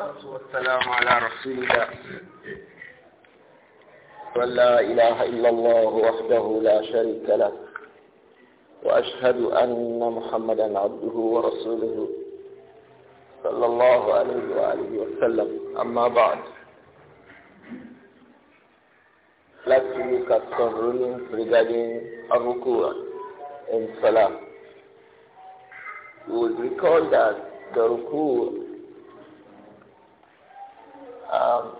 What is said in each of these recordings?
والصلاة والسلام على رسول الله ولا إله إلا الله وحده لا شريك له وأشهد أن محمدا عبده ورسوله صلى الله عليه وآله وسلم أما بعد Let's look at some rulings regarding Arukua in Salah. We will recall that the Ruku um,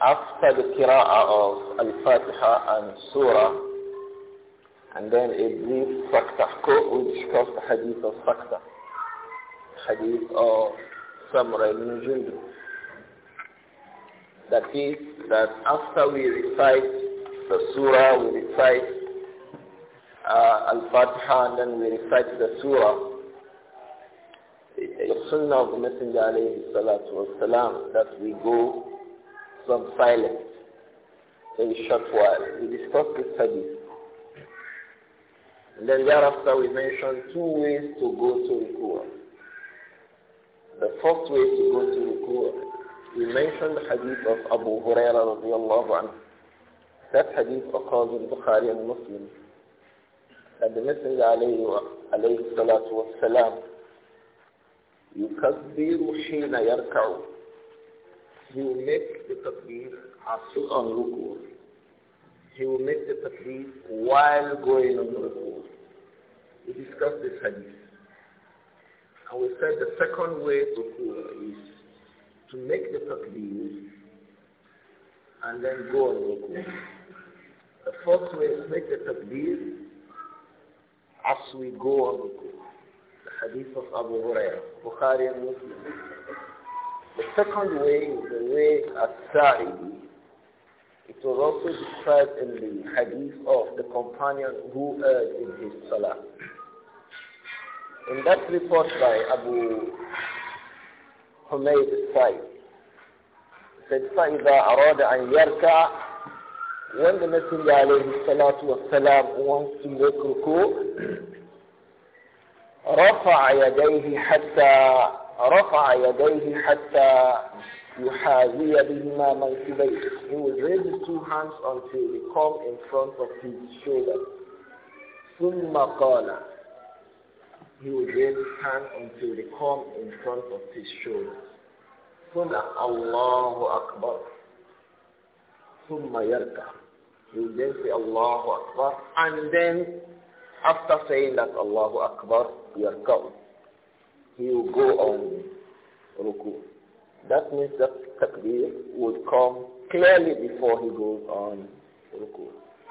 after the qira'ah of Al-Fatiha and Surah, and then a brief Faktah quote, we discussed the hadith of Faktah, hadith of Samra ibn That is, that after we recite the Surah, we recite uh, Al-Fatiha, and then we recite the Surah, sunnah of the Messenger alayhi salatu that we go from silence in a short while. We discuss the hadith. And then thereafter we mentioned two ways to go to Rukur. The first way to go to Rukur, we mentioned the hadith of Abu Hurairah radiallahu That hadith occurs in Bukhari and Muslim. And the Messenger alayhi, alayhi salatu wasalam يكبر حين يركع He will make the takbir on ruku. He will make the takbir while going on ruku. We discussed this hadith. And we said the second way to ruku is to make the takbir and then go on ruku. The first way is make the takbir as we go on ruku hadith of Abu Bukhari and Muslim. The second way is the way of Sa'idi. It was also described in the hadith of the companion who erred in his salah. In that report by Abu Humayd Sa'id, said, فَإِذَا أَرَادَ أَنْ يَرْكَعَ When the Messenger alayhi salatu was salam wants to make ruku, رفع يديه حتى رفع يديه حتى يحاذي بهما منكبيه he will raise his two hands until they come in front of his shoulders ثم قال he will raise his hand until they come in front of his shoulders ثم الله أكبر ثم يركع he will then say الله أكبر and then after saying that Allahu Akbar, yarka'u. He will go on ruku. That means that takbir would come clearly before he goes on ruku.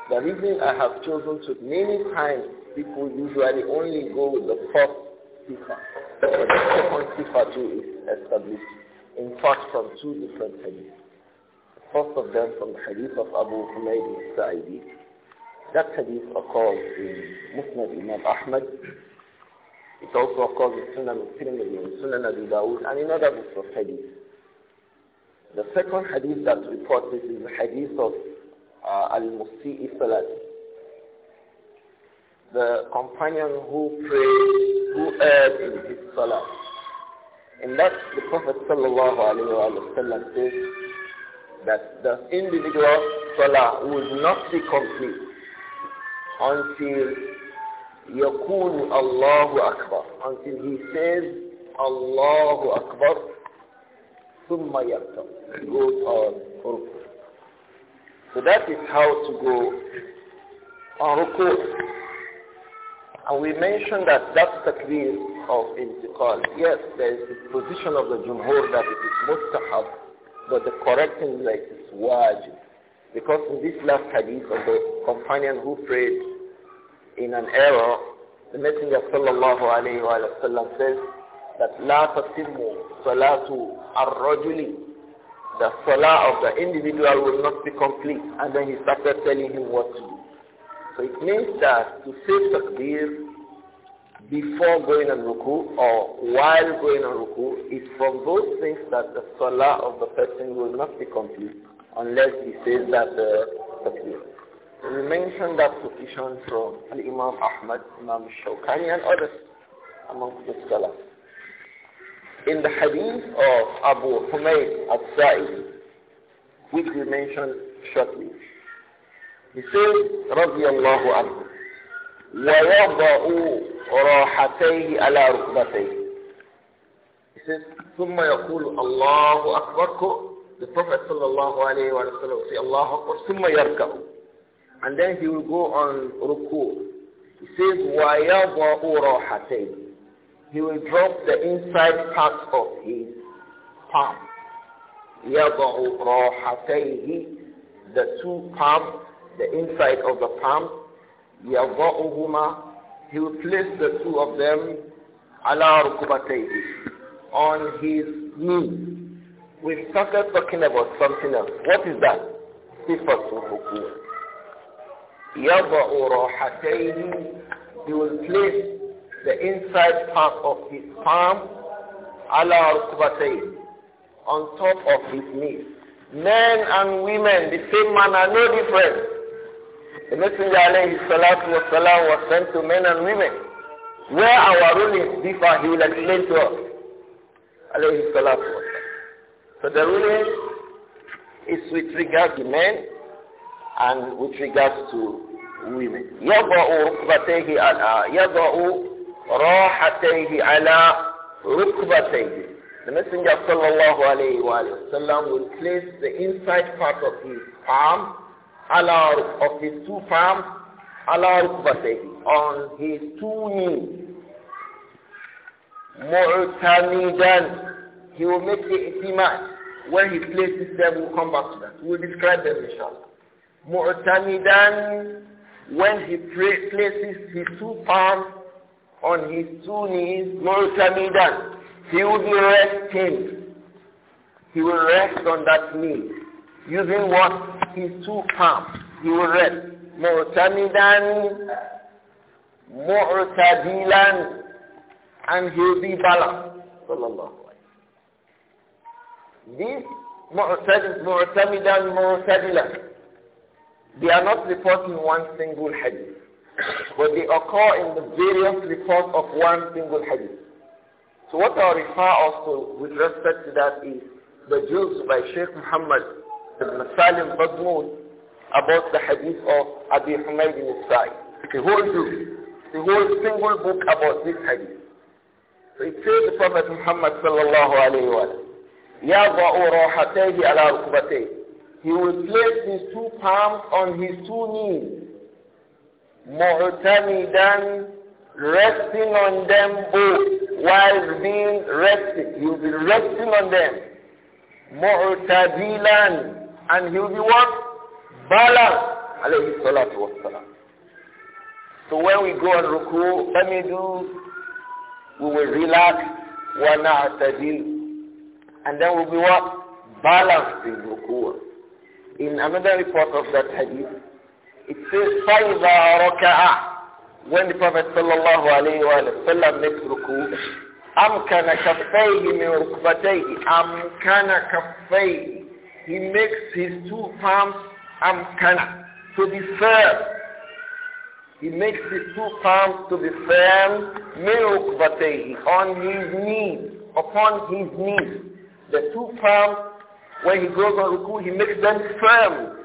The reason I have chosen to many times people usually only go with the first sifa. But the second sifa too is established. In fact, from two different hadiths. First of them from the hadith of Abu Humayd al-Sa'idi that hadith occurs in Musnad Imam Ahmad. It also occurs in Sunan Tirmidhi, in Sunan Abu Dawud, and in other books of hadith. The second hadith that reports this is the hadith of uh, Al-Musi'i Salat. The companion who prayed, who erred in his salah. And that the Prophet sallallahu alayhi wa sallam says that the individual salah would not be complete until يقول الله أكبر until he says الله أكبر ثم يقتل goes on ركوع so that is how to go on ركوع and we mentioned that that's the clear of intiqal yes there is the position of the jumhur that it is mustahab but the correct thing like is wajib because in this last hadith of the companion who prayed in an error, the Messenger sallallahu alayhi wa sallam says that لا تتم صلاة الرجل The salah of the individual will not be complete. And then he started telling him what to do. So it means that to say takbir before going on ruku or while going on ruku is from those things that the salah of the person will not be complete. unless he says that takbir. We mentioned that position from Imam Ahmad, Imam Shawkani and others among the scholars. In the hadith of Abu Humayd al-Sa'id, which we mentioned shortly, he says, رضي الله عنه, ويضع راحتيه على ركبتيه. He says, ثم يقول الله أكبر the Prophet sallallahu alayhi wa sallam say, Allahu Akbar, summa yarka'u. And then he will go on ruku. He says, وَيَضَعُ رَوْحَتَيْهِ He will drop the inside part of his palm. يَضَعُ رَوْحَتَيْهِ The two palms, the inside of the palm, يَضَعُهُمَا He will place the two of them ala رُكُبَتَيْهِ On his knees we started talking about something else. What is that? صفة الركوع. يضع راحتيه He will place the inside part of his palm على ركبتيه on top of his knees. Men and women, the same manner, no difference. The Messenger alayhi salatu was was sent to men and women. Where our rulings differ, he will explain to us. Alayhi salatu so the ruling is with regard to men and with regards to women. يضع ركبتيه على يضع راحتيه على ركبتيه. The Messenger of sallallahu alayhi wa will place the inside part of his palm, ala of his two palms, ala rukbatahi, on his two knees. مُعْتَمِدًا he will make the iman. When he places them, we'll come back to that. We'll describe them inshallah. Mu'tamidan, when he places his two palms on his two knees, Mu'tamidan, he will be resting. He will rest on that knee. Using what? His two palms. He will rest. Mu'tamidan, Mu'tadilan, and he will be balanced. Sallallahu these Mu'tazil, Mu'tamidan, Mu'tazila, they are not reporting one single hadith, but they occur in the various reports of one single hadith. So what I refer also with respect to that is the Jews by Sheikh Muhammad ibn Salim Badmoon about the hadith of Abi Humayd ibn The whole Jew, the whole single book about this hadith. So it says the Prophet Muhammad sallallahu alayhi wa he will place his two palms on his two knees. مُعْتَمِدًا Resting on them both while being rested. He will be resting on them. مُعْتَدِيلًا And he will be what? Balanced. عليه الصلاة والسلام. So when we go on ruku, let me do, we will relax, وَنَعْتَدِيلًا and then we'll be what? Balanced in In another report of that hadith, it says, فَإِذَا رَكَعَ When the Prophet sallallahu alayhi wa sallam makes ruku'ah, أَمْكَنَ كَفَّيْهِ مِنْ He makes his two palms أَمْكَنَ to be firm. He makes his two palms to be firm, min rukbatayhi On his knees, upon his knees. The two palms, when he goes on ruku, he makes them firm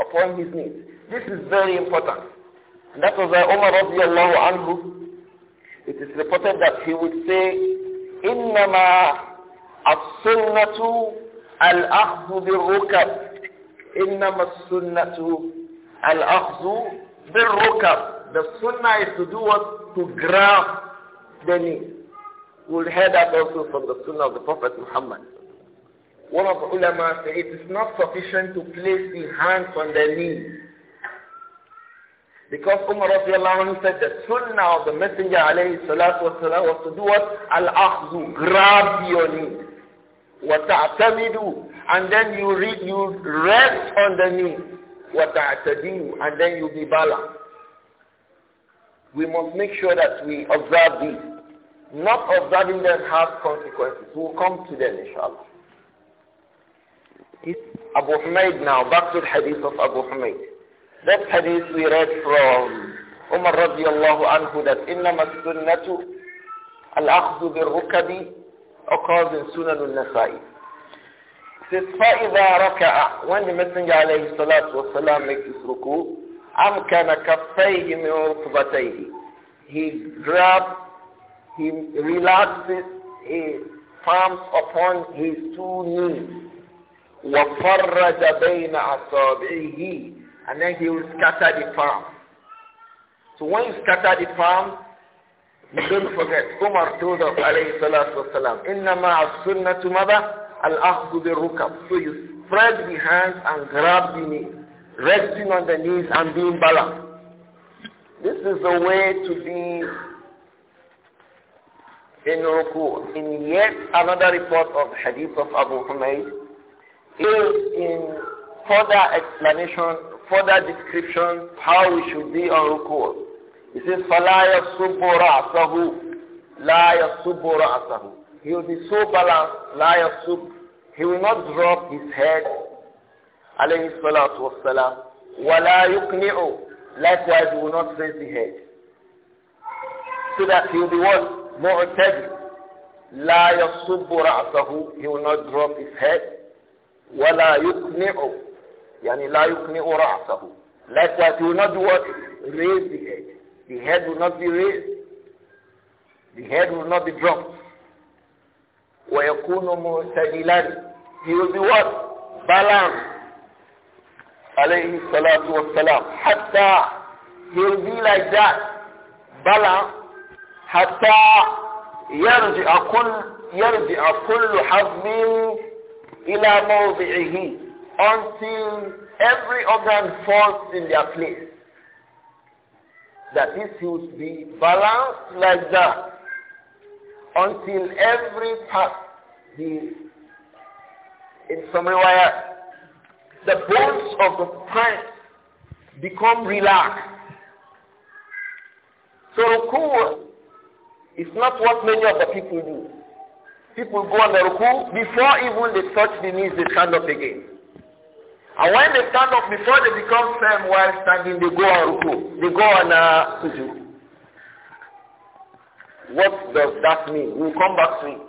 upon his knees. This is very important. And that was why Umar radiallahu anhu, it is reported that he would say, إِنَّمَا السُنَّةُ الْأَخْذُ بِالرُّكَبِ إِنَّمَا السُنَّةُ الْأَخْذُ بِالرُّكَبِ The sunnah is to do what? To grab the knee. We'll hear that also from the Sunnah of the Prophet Muhammad. One of the ulama said it is not sufficient to place the hands on the knees. Because Umar radiallahu said the sunnah of the Messenger alayhi salatu was to do what? Al-akhzu, grab your knee. do, And then you, read, you rest on the knee. you, And then you be balanced. We must make sure that we observe this. Not observing them has consequences. We'll come to them, inshallah. It's Abu Humayd now, back to the hadith of Abu Humayd. That hadith we read from Umar radiallahu anhu that إِنَّمَا السُنَّةُ الْأَخْذُ بِالرُّكَبِ occurs in Sunan al-Nasa'i. It says, رَكَعَ When the Messenger alayhi salatu wasalam makes his ruku, أَمْكَنَ كَفَّيْهِ مِنْ رُكْبَتَيْهِ He grabbed he relaxes his palms upon his two knees. وَفَرَّجَ بَيْنَ أَصَابِعِهِ And then he will scatter the palm. So when you scatter the palm, don't forget. Umar told us, alayhi salatu wasalam, إِنَّمَا السُنَّةُ مَذَا الْأَخْذُ بِالرُّكَبِ So you spread the hands and grab the knees, resting on the knees and being balanced. This is the way to be in ruku, in yet another report of hadith of Abu Humayd, is in further explanation, further description how we should be on ruku. He says, فَلَا يَصُبُّ رَأْسَهُ لَا يَصُبُّ رَأْسَهُ He will be so balanced, لَا يَصُبُّ He will not drop his head, عليه الصلاة والسلام, وَلَا يُقْنِعُ Likewise, he will not raise the head. So that he will be what? معتدل لا يصب رأسه he will not drop his head ولا يقنع يعني لا يقنع رأسه like that he will not what raise the head the head will not be raised the head will not be dropped ويكون معتدلا he will be what balanced عليه الصلاة والسلام حتى he will be like that balanced حتى يرجع كل يرجع كل إلى موضعه until every organ falls in their place. That this should be balanced like that until every part the in some way the bones of the plant become relaxed. So ruku it's not what many of the people do. People go on the ruku, before even they touch the knees, they stand up again. And when they stand up, before they become firm while standing, they go on ruku. They go on uh, What does that mean? We'll come back to it.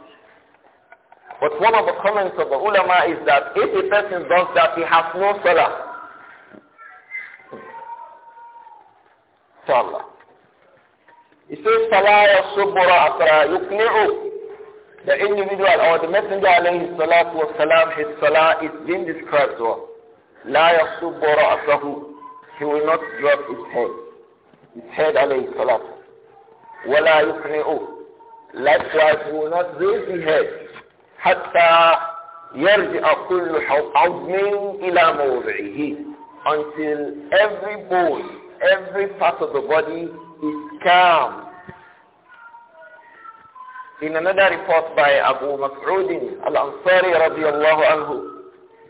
But one of the comments of the ulama is that if a person does that, he has no salah. Salah. He says, "Salah يَصُبُّ رَأْسَ يُقْنِعُ The individual or the messenger alayhi salatu wa salam, his salah is being described to us. لَا يَصُبُّ رَأْسَهُ He will not drop his head. His head alayhi salatu. وَلَا يُقْنِعُ Likewise, he will not raise his head. حَتَّى يَرْجِعَ كُلُّ عَظْمٍ إِلَى مَوْضِعِهِ Until every bone, every part of the body is calm. In another report by Abu Mas'udin al-Ansari radiallahu anhu,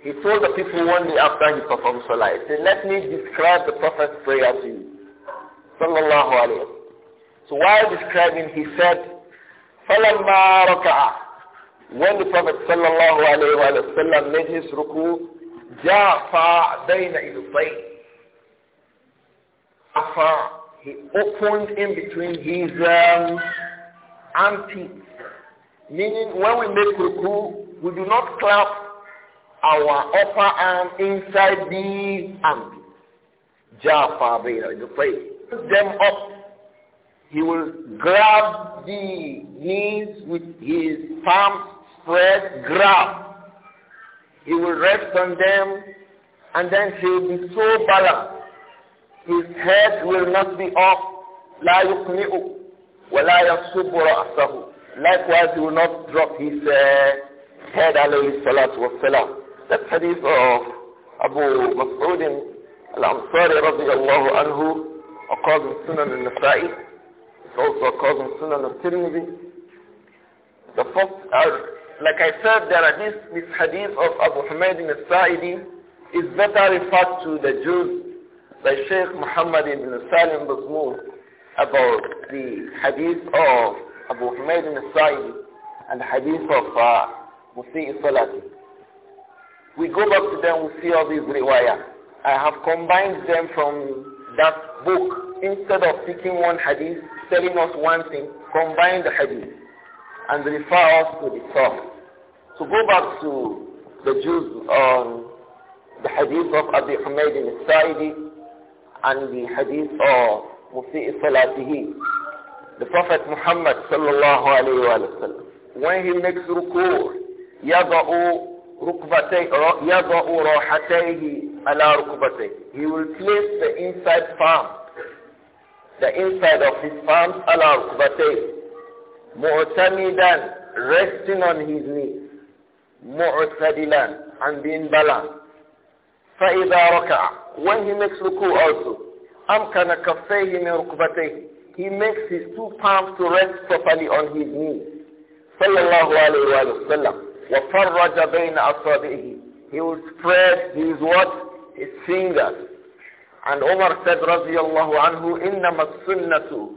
he told the people one day after he performed Salah, he said, let me describe the Prophet's prayer to you. Sallallahu alayhi So while describing, he said, فَلَمَّا رَكَعَ When the Prophet sallallahu alayhi wa sallam made his ruku, جَعْفَى بَيْنَ إِذْفَيْنِ he opened in between his um, antiques. Meaning when we make ruku, we do not clap our upper arm inside the armpit. Jafar the place. Them up. He will grab the knees with his palms spread, grab. He will rest on them and then he will be so balanced his head will not be off. لا يقنئ Likewise, he will not drop his uh, head alayhi salatu wasalam. That hadith of Abu Mas'ud al-Ansari radiyallahu anhu occurs in Sunan al-Nasa'i. It also occurs in Sunan al-Tirmidhi. The first, uh, like I said, there are this, this hadith of Abu Hamid al-Sa'idi is better referred to the Jews by Sheikh Muhammad ibn Salim Basmoon about the hadith of Abu Humayd Ibn Sa'id and the hadith of uh, Musi'i Salati. We go back to them, we see all these riwayah. I have combined them from that book. Instead of picking one hadith, telling us one thing, combine the hadith and refer us to the source. To go back to the Jews on the hadith of Abu Humayd Ibn Sa'id. عن الحديث أو of صلاته Salatihi, محمد صلى الله عليه وآله وسلم sallam, when he makes rukur, يَضَعُ يَضَعُ رَوْحَتَيْهِ عَلَى رُكْبَتَيْهِ He will place the inside palm, the inside of his palm عَلَى رُكْبَتَيْهِ مُعْتَمِدًا resting on his knees, مُعْتَدِلًا عن بين balanced. فَإِذَا رَكَعَ when he makes ruku also, amkana kaffayhi min rukbatayhi. He makes his two palms to rest properly on his knees. Sallallahu alayhi wa sallam. وَفَرَّجَ بَيْنَ أَصَابِعِهِ He will spread his what? His fingers. And Omar said رضي الله عنه إنما السنة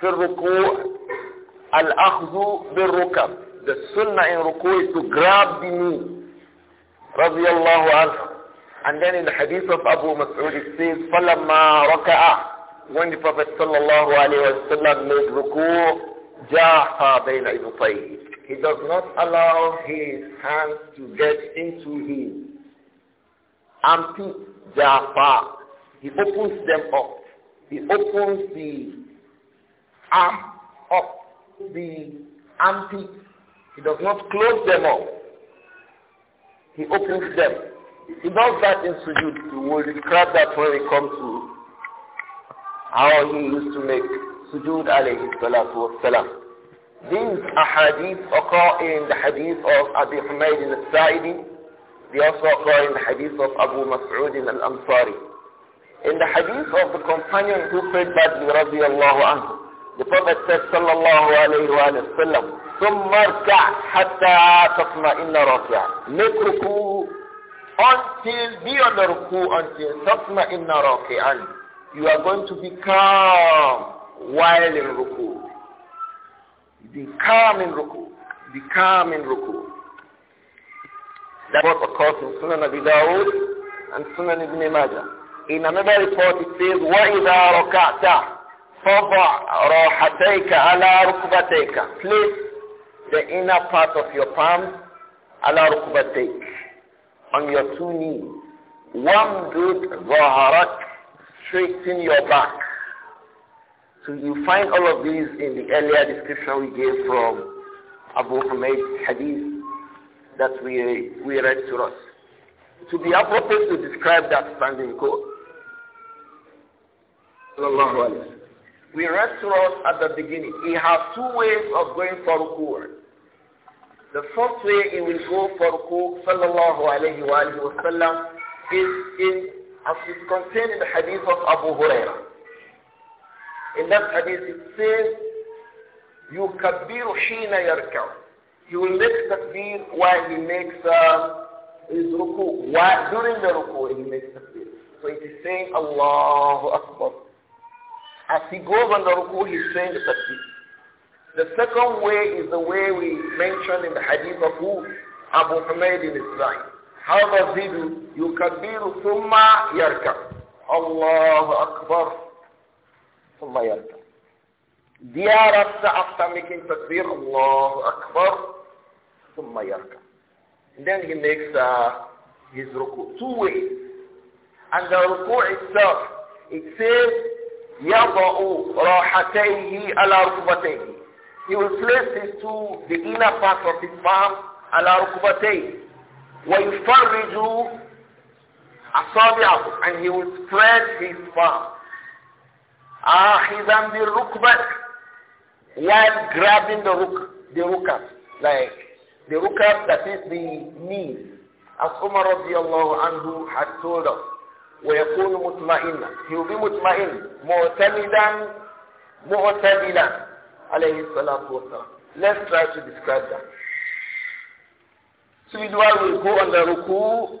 في الركوع الأخذ بالركب. The sunnah in ruku is to grab the knee. رضي الله عنه and then in the hadith of Abu Mas'ud it says, فَلَمَّا رَكَعَ When the Prophet sallallahu alayhi wa sallam made ruku' بَيْنَ He does not allow his hands to get into his armpit, جَاهَا He opens them up. He opens the arm up, the armpit. He does not close them up. He opens them. He that in sujood. We'll describe that when it comes to how he used to make sujood alayhi salatu wassalam. These ahadith occur in the hadith of Abi Humayd al-Sa'idi. They also occur in the hadith of Abu Mas'ud al-Ansari. In the hadith of the companion who prayed badly, radiallahu anhu, the Prophet said, sallallahu alayhi wa sallam, ثُمَّ ارْكَعْ حَتَّى تَطْمَئِنَّ رَكِعًا Make ruku until be on the ruku until tatma inna raki'an. You are going to be calm while in ruku. Be calm in ruku. Be calm in ruku. That was occurs in Sunan Abi Dawud and Sunan Ibn Majah. In another report it says, وَإِذَا رَكَعْتَ فَضَعْ رَوْحَتَيْكَ عَلَى رُكْبَتَيْكَ Place the inner part of your palm على ركبتيك on your two knees. one good zaharak, straighten your back. So you find all of these in the earlier description we gave from Abu Hamid's hadith that we, we read to us. To be appropriate to describe that standing code. We read to us at the beginning. He has two ways of going for rukur. The first way he will go for Ruku sallallahu alayhi wa alayhi wa sallam is in, as is contained in the hadith of Abu Huraira. In that hadith it says, يُكَبِّرُ حِينَ يَرْكَعُ He will make takbir while he makes uh, his ruku. While, during the ruku he makes takbir. So it is saying Allahu Akbar. As he goes on the ruku he is saying the takbir. The second way is the way we mentioned in the hadith of who Abu Humayd in Israel. How does he do? يكبر ثم يركب. الله Akbar. ثم يركب. Thereafter, after making takbir, Allah Akbar, ثم يركب. Then he makes uh, his ruku. Two ways. And the ruku itself, it says, يضع راحتيه على ركبتيه. He will place his two, the inner part of his palm, ala rukubatay. وَيُفَرِّجُ أَصَابِعَهُ And he will spread his palm. آخذًا بالركبة While grabbing the ruk, the rukas, like the rukas that is the knee, As Umar radiallahu anhu had told us, ويكون مطمئنا. He will be مطمئن. معتمدا معتدلا alayhi salatu wasalam. Let's try to describe that. So Idwal will go on the ruku,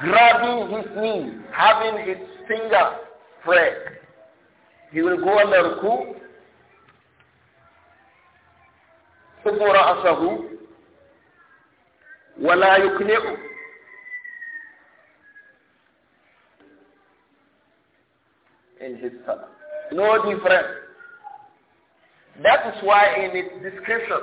grabbing his knee, having his finger spread. He will go on the ruku, ثم رأسه ولا يقنعه in his salah. No difference that is why in its description,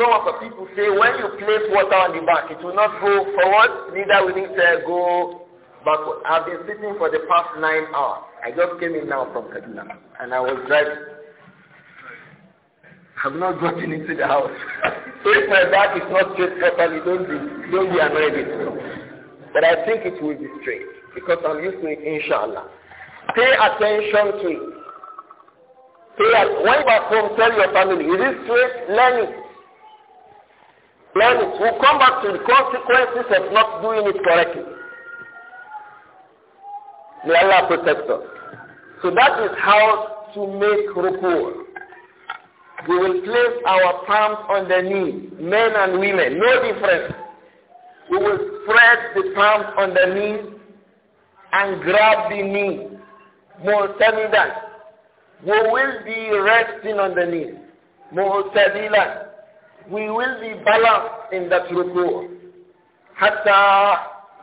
some of the people say when you place water on the back, it will not go forward, neither will it uh, go backward. I've been sitting for the past nine hours. I just came in now from Kaduna, and I was driving. I've not gotten into the house. so if my back is not straight properly, don't be, don't be annoyed But I think it will be straight because I'm used to it, inshallah. Pay attention to it. Pay back when you are home, tell your family, is it straight? Learn it. Learn it. We'll come back to the consequences of not doing it correctly. May Allah protect us. So that is how to make ruku. We will place our palms on the knee, men and women, no difference. We will spread the palms on the knee and grab the knee. More than that. We will be resting on the knees. Mu'tadilan. We will be balanced in that ruku. Hatta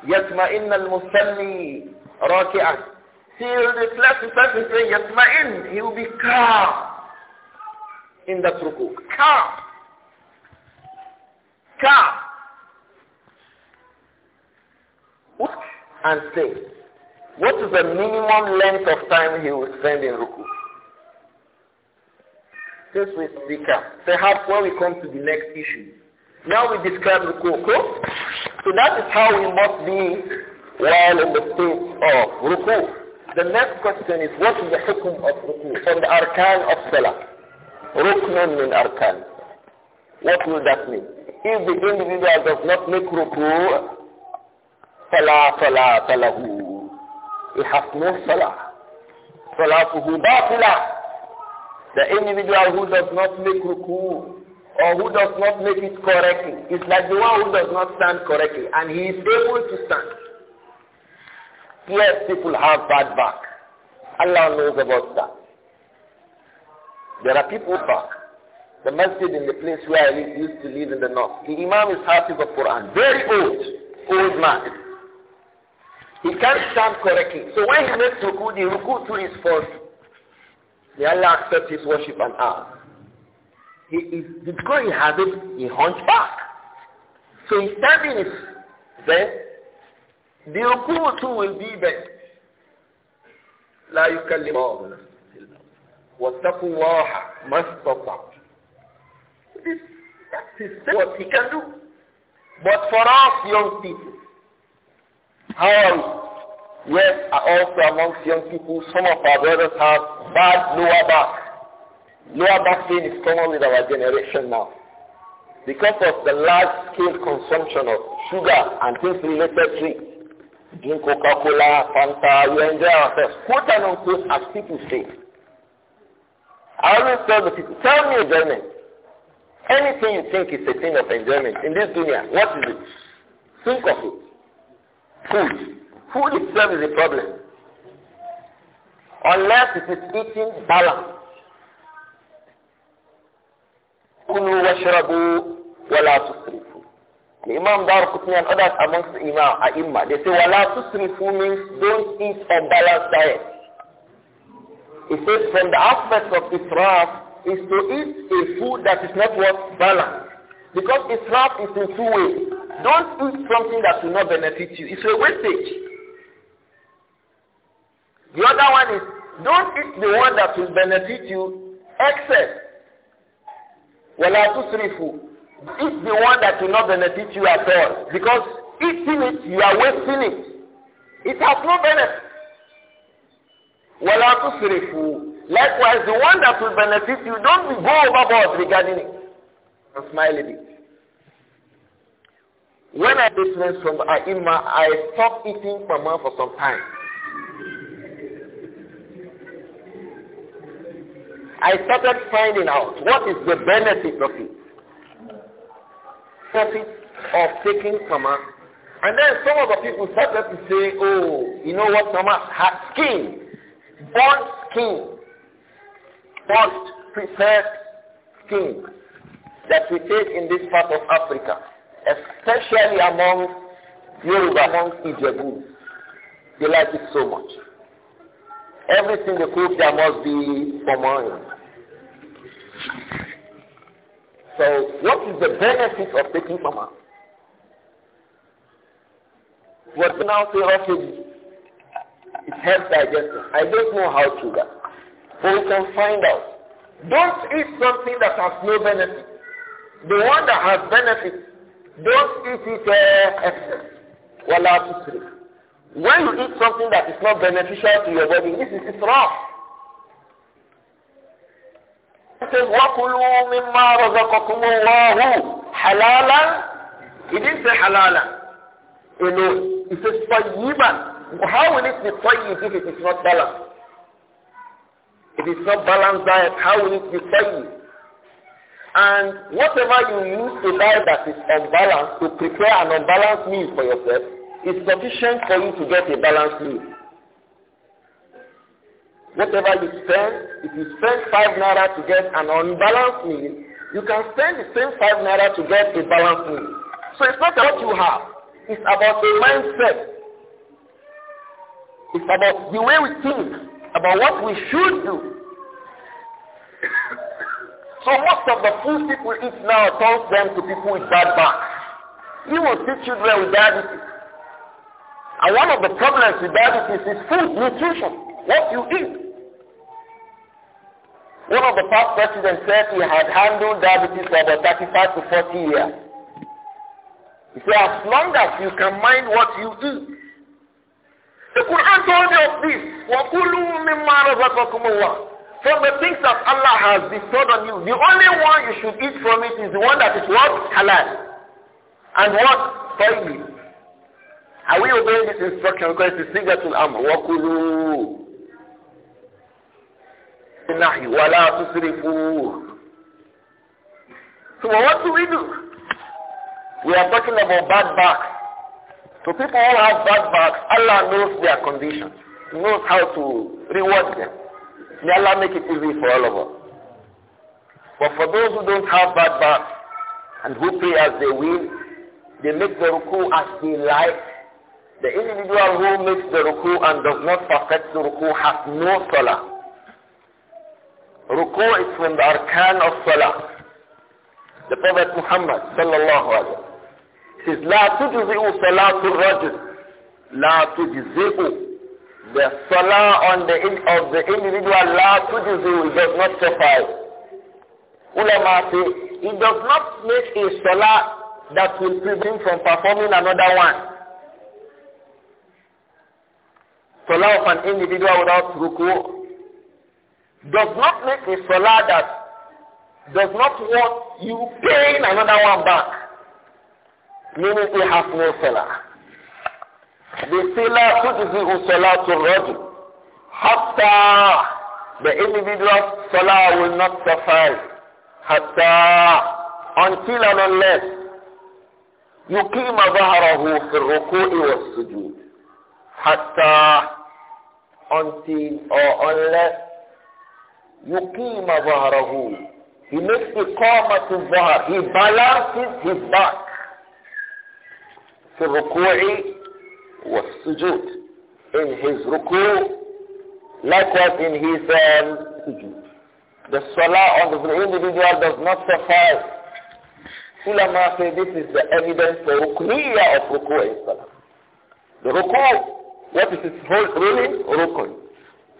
yatma'in al-musalli raki'an. Till the classified is yatma yatma'in. He will be calm in that ruku. Calm. Calm. and say, what is the minimum length of time he will spend in ruku? This with zikr. Perhaps when we come to the next issue. Now we describe the ruku. So that is how we must be while in the state of ruku. The next question is what is the hukum of ruku from the arkan of salah? Ruknun min arkan. What will that mean? If the individual does not make ruku, salah, salah, salahu. He has no salah. Salatuhu batila. The individual who does not make ruku or who does not make it correctly is like the one who does not stand correctly and he is able to stand. Yes, people have bad back. Allah knows about that. There are people back. The masjid in the place where I used to live in the north. The imam is half of the Quran. Very old. Old man. He can't stand correctly. So when he makes ruku, the ruku too is forced. May Allah accept his worship and ours. He is, because he has it, he hunts back. So in ten minutes, then the ruku too will be there. لا يكلم الله نفسا واتقوا الله ما استطعتم. This that is what he can do. But for us young people, how Yes, also amongst young people, some of our brothers have bad lower back. Lower back pain is common with our generation now. Because of the large-scale consumption of sugar and things related to it, drink Coca-Cola, Fanta, we enjoy ourselves, quote and unquote, as people say. I always tell the people, tell me enjoyment. Anything you think is a thing of enjoyment in this dunya, what is it? Think of it. Food, Food itself is a problem. Unless it is eating balance. كلوا واشربوا ولا تسرفوا الإمام and others amongst the Imam uh, ai they say ولا تسرفوا means don't eat unbalanced diet he says from the aspect of israf is to eat a food that is not worth balance because israf is in two ways don't eat something that will not benefit you it's a wastage the other one is, don't eat the one that will benefit you excess. Wala tusrifu. Eat the one that will not benefit you at all. Because eating it, you are wasting it. It has no benefit. Wala tusrifu. Likewise, the one that will benefit you, don't be go overboard regarding it. And smile a bit. When I did from Aima, I stopped eating Mama for some time. I started finding out what is the benefit of it. Profit of taking stomach. And then some of the people started to say, oh, you know what stomach has skin, burnt skin, burnt prepared skin that we take in this part of Africa, especially among Yoruba, among Ijebu. They like it so much. Everything they cook, there must be for mine. So what is the benefit of taking mama? oil? What now say, okay, it helps digestion. I don't know how to that. But we can find out. Don't eat something that has no benefit. The one that has benefit, don't eat it uh, excess. Wala when you eat something that is not beneficial to your body, this is israf. It says, وَكُلُوا مِمَّا رَزَقَكُمُ اللَّهُ حَلَالًا He didn't say halalan know, it says, طَيِّبًا How will it be tayyib if it is not balanced? If it's not balanced diet, how will it be tayyib? And whatever you use to diet that is unbalanced, to prepare an unbalanced meal for yourself, is sufficient for you to get a balanced meal. Whatever you spend, if you spend five naira to get an unbalanced meal, you can spend the same five naira to get a balanced meal. So it's not what you have. It's about the mindset. It's about the way we think, about what we should do. so most of the food people eat now turns them to people with bad backs. Even see children with diabetes. And one of the problems with diabetes is food, nutrition, what you eat. One of the past presidents said he had handled diabetes for about 35 to 40 years. He said, as long as you can mind what you eat. The Quran told you of this. from the things that Allah has bestowed on you, the only one you should eat from it is the one that is what? Halal. And what? Tawbih. Are we obeying this instruction? Because it's Sigatul Amr. Wakulu. Nahi. Wala tusrifu. So what do we do? We are talking about bad backs. So people who have bad backs, Allah knows their condition. He knows how to reward them. May Allah make it easy for all of us. But for those who don't have bad backs and who pay as they will, they make the ruku as they like the individual who makes the ruku and does not perfect the ruku has no salah. Ruku is from the arkan of salah. The Prophet Muhammad sallallahu alaihi wasallam says, لا تجزئ صلاة الرجل لا تجزئ the salah on the of the individual la tujzu does not suffice. Ulama say it does not make a salah that will prevent him from performing another one. salah of an individual without ruku does not make a salah that does not want you paying another one back, meaning he has no salah. The salah تجزئ to rodi. Hatta the individual's salah will not suffice Hatta until and unless you who for ruku الركوع والسجود حتى until or unless يقيم ظهره he makes the إقامة الظهر he balances his back في الركوع والسجود in his ركوع likewise in his um, سجود the salah on the individual does not suffice ulama say this is the evidence for ركنية of ركوع الصلاة the ركوع what is his whole ruling? Rukun.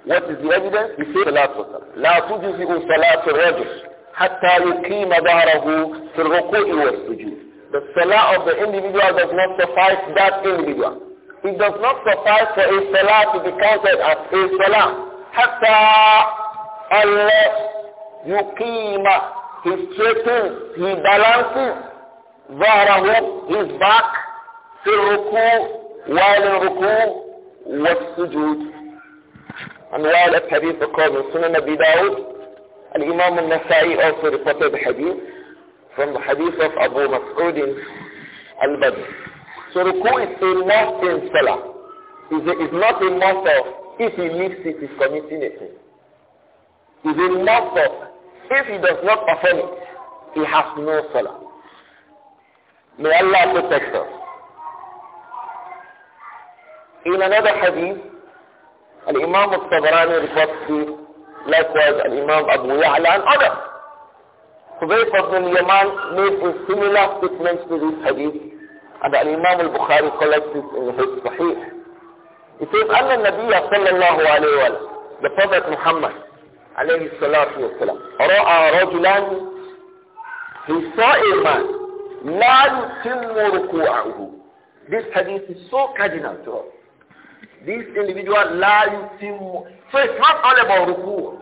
What is the evidence? We say Salat لا تجزئ صلاة الرجل حتى يقيم ظهره في الركوع والسجود. The salah of the individual does not suffice that individual. It does not suffice for a salah to be counted as a salah. حتى Allah يقيم he straightens, he balances ظهره, his back في الركوع while in ركوع والسجود أنواع حديث القرن سنن نبي داود الإمام النسائي also reported the hadith from the hadith of Abu Mas'ud al-Badr. So ruku is a must in Salah. It's, is not a must of if he leaves it, he's committing a sin. It's a must of if he does not perform it, he has no Salah. May Allah protect us. إلى مدى حديث الإمام الطبراني reports likewise الإمام أبو يعلى and others. Hudayfa ibn Yaman made a similar statement to this hadith and الإمام البخاري collects it in his Sahih. It says أن النبي صلى الله عليه وسلم the Prophet Muhammad عليه الصلاة والسلام رأى رجلا he saw a man لا يتم ركوعه This hadith is so cardinal to us. This individual, la yutimmu. So it's not all about ruku.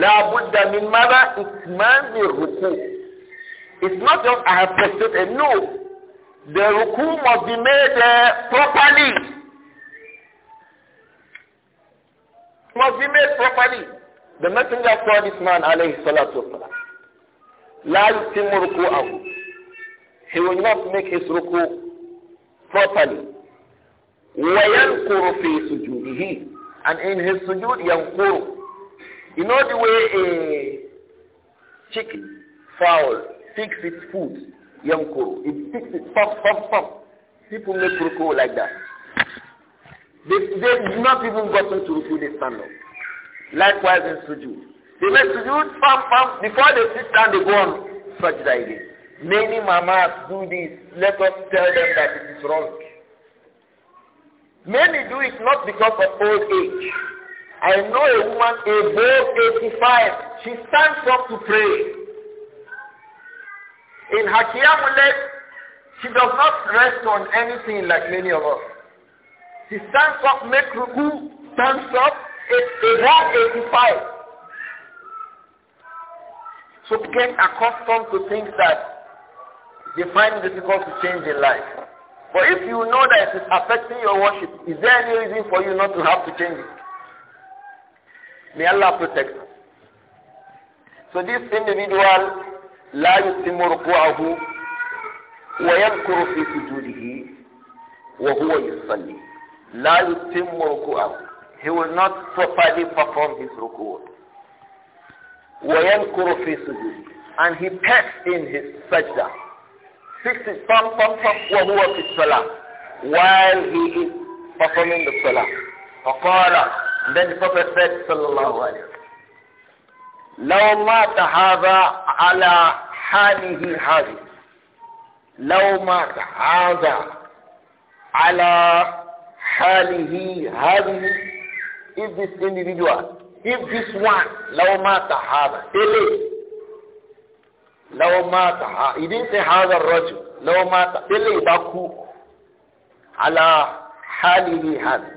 La buddha min mada itman min ruku. It's not just I have prostrated. No. The ruku must be made uh, properly. Must be made properly. The messenger saw this man, alayhi salatu salam. La yutimmu ruku'ahu. He will not make his ruku properly. وَيَنْقُرُ فِي سُجُودِهِ And in his sujood, يَنْقُرُ You know the way a chicken, fowl, picks its food, يَنْقُرُ It picks it, pop, pop, pop. People make ruku like that. They, they've not even gotten to ruku, they stand up. Likewise in sujood. They make sujood, pam, pam. Before they sit down, they go on sajda again. Many mamas do this. Let us tell them that it is wrong. Many do it not because of old age. I know a woman above 85, she stands up to pray. In Hakiyamulet, she does not rest on anything like many of us. She stands up, make ruku, stands up, above 85. So get accustomed to things that they find difficult to change in life. But if you know that it is affecting your worship, is there any reason for you not to have to change it? May Allah protect us. So this individual, لا يتم ركوعه ويذكر في سجوده وهو يصلي. لا يتم ركوعه. He will not properly perform his ruku. وَيَنْكُرُ في سجوده. And he pets in his sajda. 60 pam pam pam wa huwa fi salah while he is performing the salah faqala and then the prophet said sallallahu alayhi wa sallam." لو mata hadha على حاله هذه لو mata hadha على حاله هذه if this individual if this one لو law mata hadha لو مات إذن في هذا الرجل لو مات اللي باكو على حاله هذا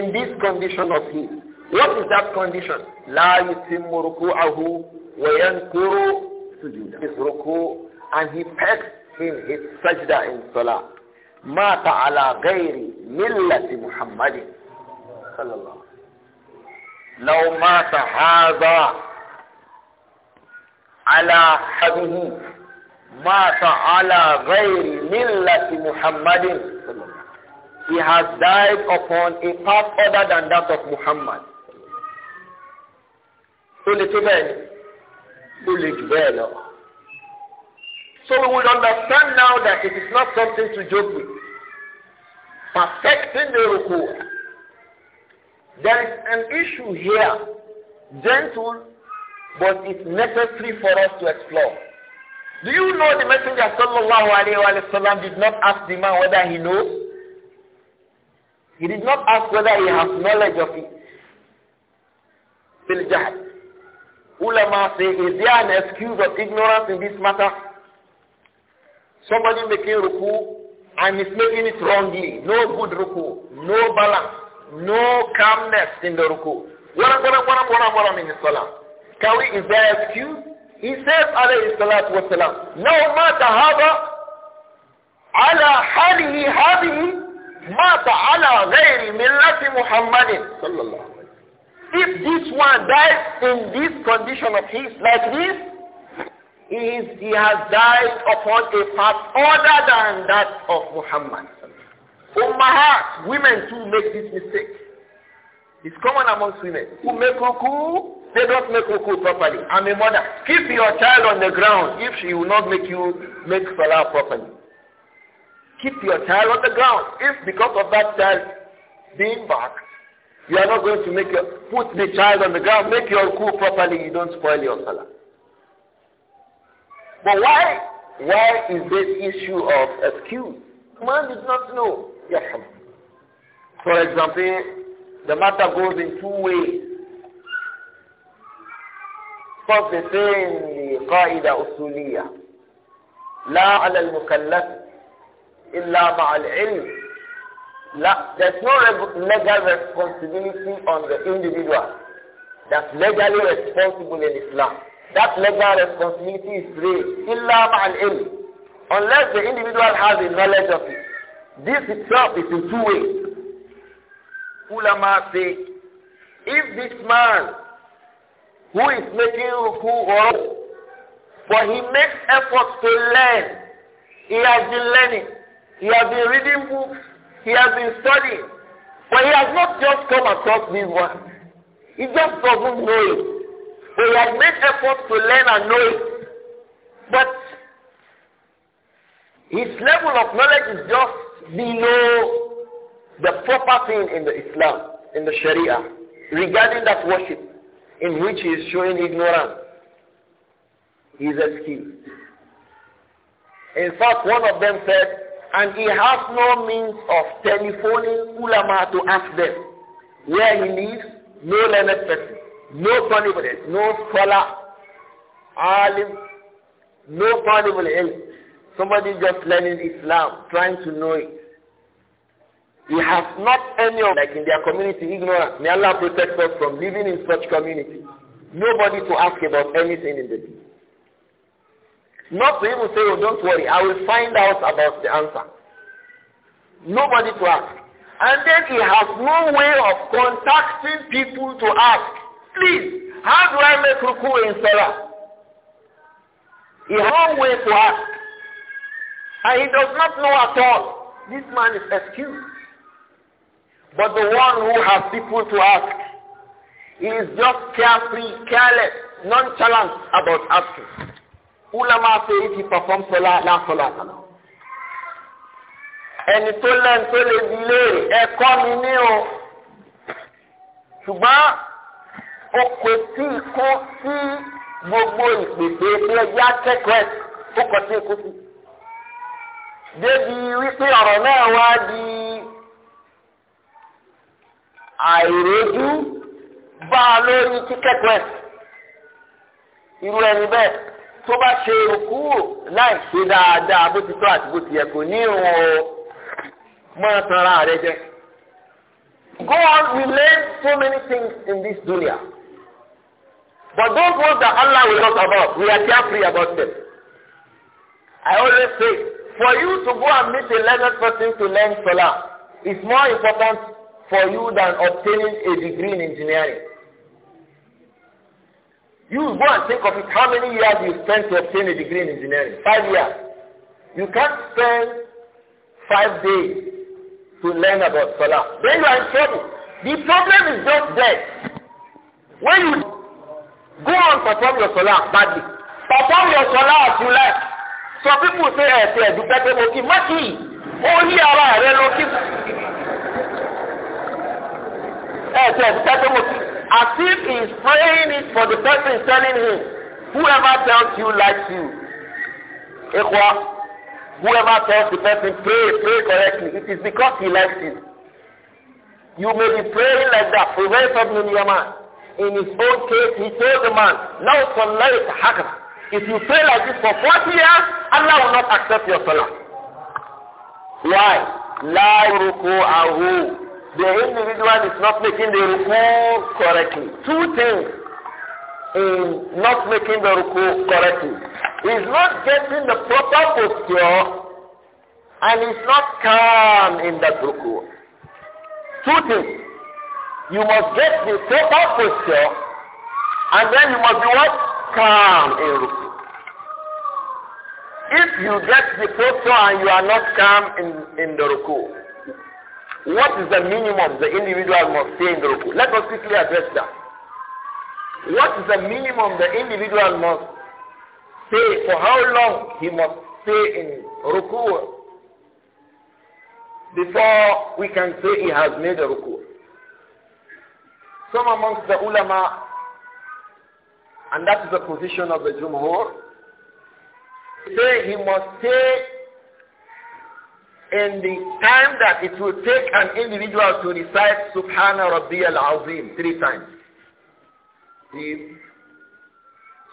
in this condition of his what is that condition لا يتم ركوعه وينكر his ركوع and he packs in his سجدة in صلاة مات على غير ملة محمد صلى الله عليه وسلم لو مات هذا على حبه مات على غير ملة محمد He has died upon a path other than that of Muhammad. So, little men, bẹ́ẹ̀ ni, ó So we would understand now that it is not something to joke with. Perfecting the ruku. There is an issue here. Gentle but it's necessary for us to explore. Do you know the Messenger sallallahu alayhi wa sallam did not ask the man whether he knows? He did not ask whether he has knowledge of it. Biljahad. Ulama say, is there an excuse of ignorance in this matter? Somebody making ruku and is making it wrongly. No good ruku. No balance. No calmness in the ruku. What am I in the salah? Can we, is there an excuse? He says, alayhi salatu wasalam, no matter how على حاله هذه مات على غير ملة محمد صلى الله عليه If this one dies in this condition of his, like this, he, is, he has died upon a path other than that of Muhammad. Ummahat, women too make this mistake. It's common amongst women who make cuckoo, they don't make cuckoo properly. I'm a mother. Keep your child on the ground if she will not make you make salah properly. Keep your child on the ground. If because of that child being back, you are not going to make your, put the child on the ground, make your coup properly, you don't spoil your salah. But why, why is this issue of excuse? Man did not know. Yes. For example, the matter goes in two ways. First, they say in the قاعدة أصولية لا على المكلف إلا مع there's no legal responsibility on the individual that's legally responsible in Islam. That legal responsibility is raised. Illa ma'al ilm. Unless the individual has a knowledge of it. This itself is in two ways ulama say, if this man who is making ruku or but he makes efforts to learn, he has been learning, he has been reading books, he has been studying, but he has not just come across this one. He just doesn't know it. But he has made efforts to learn and know it. But his level of knowledge is just below the proper thing in the Islam, in the Sharia, regarding that worship in which he is showing ignorance, he is excused. In fact, one of them said, and he has no means of telephoning ulama to ask them where he lives, no learned person, no Talibul no scholar, alim, no Talibul Somebody just learning Islam, trying to know it. He has not any of, like in their community, ignorance. May Allah protect us from living in such community. Nobody to ask about anything in the deen. Not to even say, oh, don't worry, I will find out about the answer. Nobody to ask. And then he has no way of contacting people to ask. Please, how do I make ruku in Salah? He has no way to ask. And he does not know at all. This man is excused. But the one who has people to ask, he is just carefree, careless, nonchalant about asking. Ulama say if he perform salah, la salah salah. Ẹni tó lẹ́nu tó lè di léèrè ẹ̀kọ́ mi ní o. Ṣùgbọ́n o kò tí ì kó sí gbogbo ìpèsè pé ẹgbẹ́ akẹ́kọ̀ọ́ ẹ̀ ó kọ̀ sí ikú sí. Débi wípé ọ̀rọ̀ náà wá di àìrójú bá a lórí ticket west irú ẹni bẹ́ẹ̀ tó bá ṣe rúkúrò láì ṣe dáadáa bó ti tọ́ àti bó ti yẹ kò ní ìrùn o máa tanra rẹ jẹ. God will learn so many things in this dunya. But those ones that Allah will talk about, we are carefree about them. I always say, for you to go and meet a learned person to learn Salah, it's more important for you than obtaining a degree in engineering. You go and think of it, how many years you spent to obtain a degree in engineering? Five years. You can't spend five days to learn about solar. Then you are in trouble. The problem is just that when you go and perform your solar badly, perform your solar as you like. Some people say, "Hey, eh, you better mo kí, má kí, ó yí ara ẹ̀sẹ̀ ìtẹ́tẹ́mọ̀tì as if he is praying it for the person telling him whoever tells you likes you ekwa whoever tells the person pray pray correctly it is because he likes you you may be praying like that for very of your man in his own case he told the man now salat hakam if you pray like this for 40 years Allah will not accept your salah why la ruku'ahu the individual is not making the ruku correctly. Two things in not making the ruku correctly. He's not getting the proper posture and he's not calm in that ruku. Two things. You must get the proper posture and then you must be what? Calm in ruku. If you get the posture and you are not calm in, in the ruku, what is the minimum the individual must stay in the ruku? Let us quickly address that. What is the minimum the individual must stay for how long he must stay in ruku before we can say he has made a ruku? Some amongst the ulama, and that is the position of the Jumhur, say he must stay in the time that it will take an individual to recite Subhana Al Azim three times. See?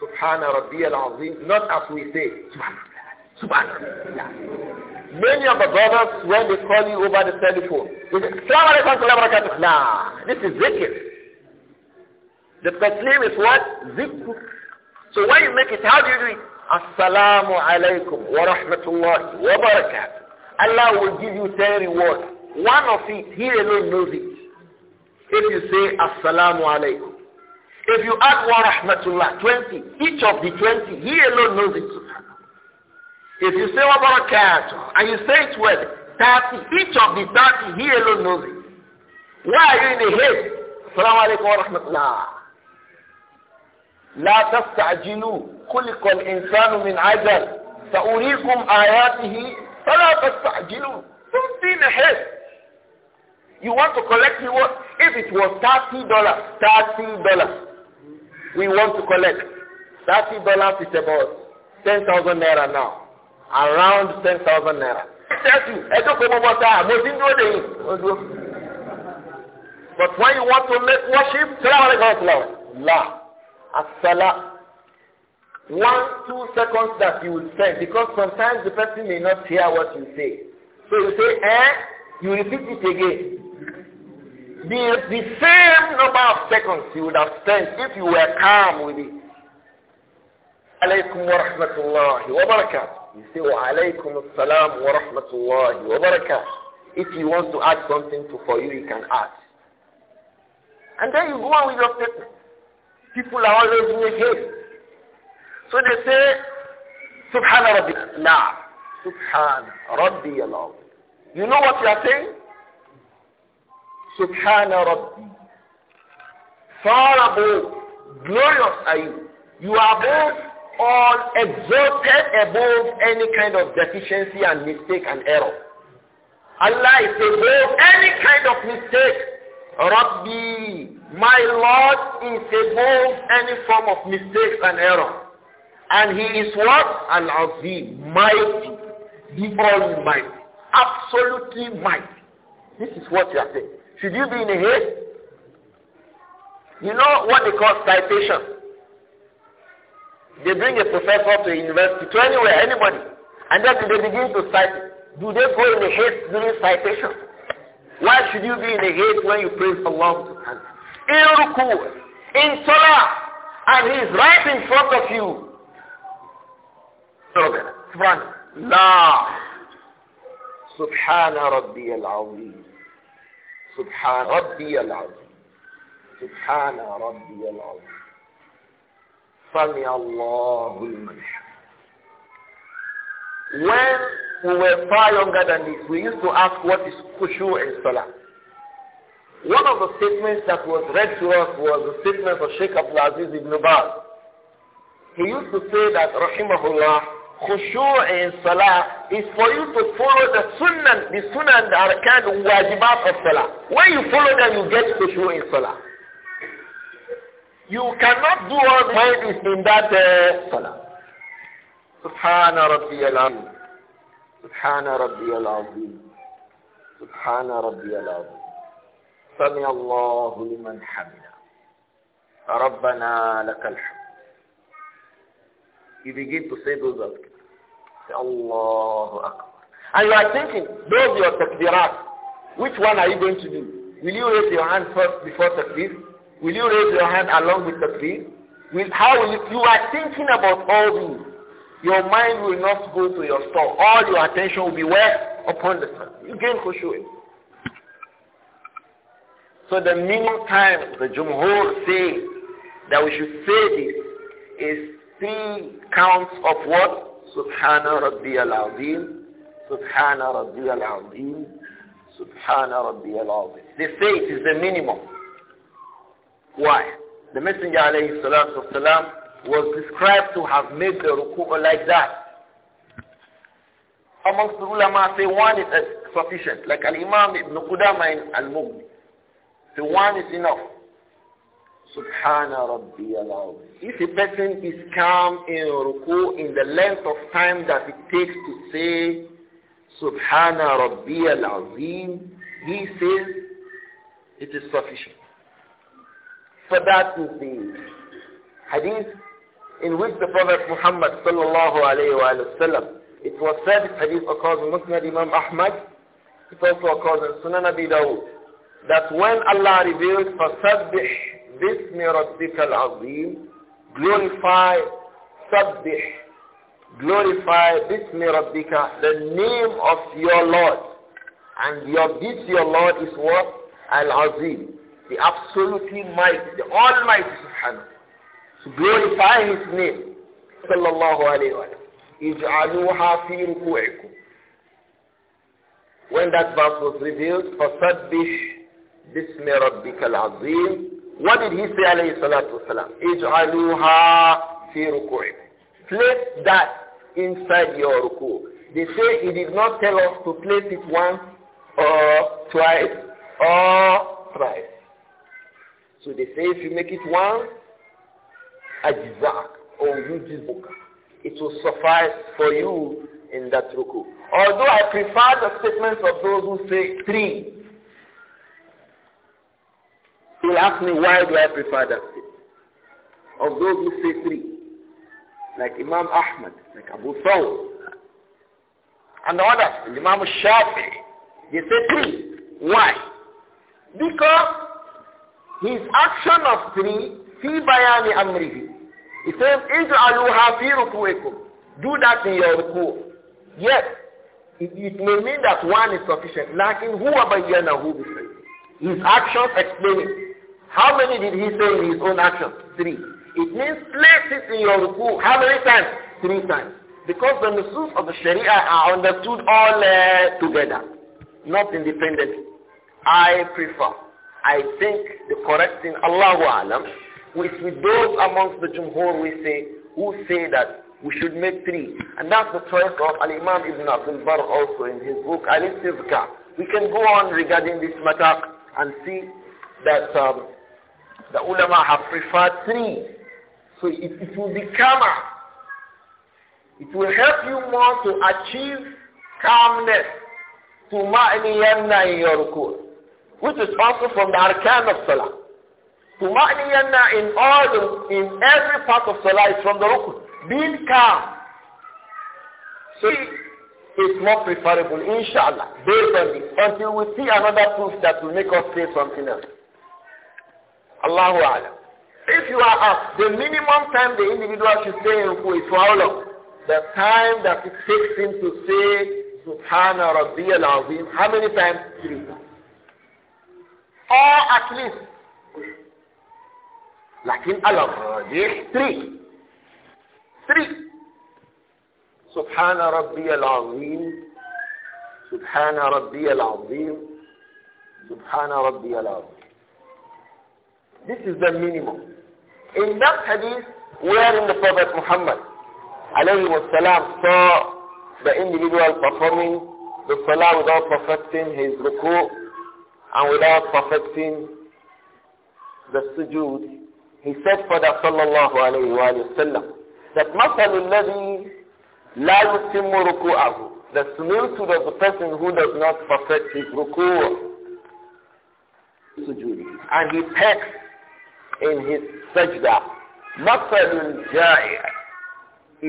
Subhana Al Azim, not as we say, Subhanallah, Subhanallah. Many of the brothers, when they call you over the telephone, they say, Salaam alaikum wa barakatuh. Nah, this is zikr. The taslim is what? Zikr. So when you make it, how do you do it? Assalamu alaikum wa rahmatullahi wa barakatuh. Allah will give you ten reward. One of it, He alone knows it. If you say Assalamu alaikum. If you add one rahmatullah, 20, each of the 20, He alone knows it. If you say wa and you say it well, 30, each of the 30, He alone knows it. Why are you in a haste? Assalamu alaikum wa rahmatullah. لا تستعجلوا خلق الإنسان من عجل سأريكم آياته don't be in You want to collect what? If it was $30, $30, we want to collect. $30 is about 10,000 naira now. Around 10,000 naira. But when you want to make worship, salam alaikum wa salam. La. as one, two seconds that you will spend because sometimes the person may not hear what you say. So you say, eh, you repeat it again. The, the same number of seconds you would have spent if you were calm with it. Alaykum wa rahmatullahi You say, wa alaykum assalam wa rahmatullahi If you want to add something to, for you, you can add. And then you go on with your statement. People are always in a haste. So they say, Subhana Rabbi. Nah. Subhan Rabbi Allah. You know what you are saying? Subhana Rabbi. Far above, glorious are you. You are both all, exalted above any kind of deficiency and mistake and error. Allah is above any kind of mistake. Rabbi, my Lord is above any form of mistakes and error. And he is what? Al-Azim, mighty, the mighty, absolutely mighty. This is what you are saying. Should you be in a haste? You know what they call citation. They bring a professor to a university, to anywhere, anybody, and then they begin to cite. Do they go in a haste during citation? Why should you be in a haste when you praise Allah? In ruku, in salah, and he is right in front of you. توقع سبحان لا سبحان ربي العظيم سبحان ربي العظيم سبحان ربي العظيم سمع الله لمن When we were far younger than this, we used to ask what is kushu in salah. One of the statements that was read to us was the statement of Sheikh Abdul Aziz ibn Baz. He used to say that, Rahimahullah, khushu' in salah is for you to follow the sunnah, the sunnah and the arkan, wajibat of salah. When you follow them, you get khushu' in salah. You cannot do all mind is in that uh, salah. سبحان ربي العظيم سبحان ربي العظيم سبحان ربي العظيم سمع الله لمن حمده ربنا لك الحمد You begin to say those words. Say, Allahu Akbar. And you are thinking, those your takbirat, which one are you going to do? Will you raise your hand first before takbir? Will you raise your hand along with takbir? Will, how will you, you are thinking about all these. Your mind will not go to your store. All your attention will be where? Upon the sun. You gain So the minimum time the Jumhur say that we should say this is three counts of what? Subhana Rabbiyal Azim, Subhana Rabbiyal Azim, Subhana Rabbiyal Azim. They say it is the minimum. Why? The Messenger alayhi salatu wasalam was described to have made the ruku'ah like that. Amongst the ulama say one is sufficient, like Al-Imam Ibn Qudama in Al-Mughni. Say one is enough. Subhana Rabbi If a person is calm in ruku in the length of time that it takes to say Subhana Rabbi Al-Azim, he says it is sufficient. For that is the hadith in which the Prophet Muhammad sallallahu alayhi wa sallam, it was said this hadith occurs in Musnad Imam Ahmad, it also occurs in Sunan Abi Dawud, that when Allah revealed such. بِاسْمِ رَبِّكَ الْعَظِيمِ Glorify, سَبِّحْ Glorify, بِاسْمِ رَبِّكَ The name of your Lord. And your this your Lord is what? Al-Azim. The absolutely might, the almighty subhanahu. So glorify his name. صلى الله عليه وسلم. اجعلوها في ركوعكم. When that verse was revealed, فَصَبِّحْ بِاسْمِ رَبِّكَ الْعَظِيمِ what did he say alayhi salatu wasalam? Ij'aluha fi ruku'ikum. Place that inside your ruku. They say he did not tell us to place it once or twice or thrice. So they say if you make it once, ajizak or yujibuka. It will suffice for you in that ruku. Although I prefer the statements of those who say three, will ask me why do I prefer that state. Of those who say three, like Imam Ahmad, like Abu Thawr, and the others, and Imam Shafi, they say three. Why? Because his action of three, fi bayani amrihi. He says, ij'aluha fi ruku'ikum. Do that in your ruku'. Yes, it, it, may mean that one is sufficient. Lakin huwa bayyanahu bisayyi. His actions explain it. How many did he say in his own action? Three. It means place it in your ruku. How many times? Three times. Because the nusus of the Sharia are understood all uh, together, not independently. I prefer. I think the correct thing, Allahu Alam, which with those amongst the Jumhur we say, who say that we should make three. And that's the choice of Al-Imam Ibn Abdul Bar also in his book, Al-Istizkar. We can go on regarding this matter and see that um, the ulama have preferred three. So it, it will be calmer. It will help you more to achieve calmness. to Tuma'niyanna in your rukur. Which is also from the arkan of salah. To Tuma'niyanna in all in every part of salah is from the rukur. Being calm. So it's more preferable, inshallah, based on this, until we see another proof that will make us say something else. Allahu Alam. If you are up, uh, the minimum time the individual should stay in Ruku is for how long? The time that it takes him to say Subhana Rabbi al Azim. How many times? Three times. Or at least. لكن الراجح three. Three. سبحان ربي العظيم سبحان ربي العظيم سبحان ربي العظيم this is the minimum. In that hadith, in the Prophet Muhammad alayhi wasalam saw the individual performing the salah without perfecting his ruku and without perfecting the sujood, he said for that sallallahu alayhi wa sallam that مَثَلُ الَّذِي لَا يُتِمُّ رُكُوعَهُ The similitude of the person who does not perfect his ruku' sujood. And he pecks in his sajda. Maqsadun ja'i'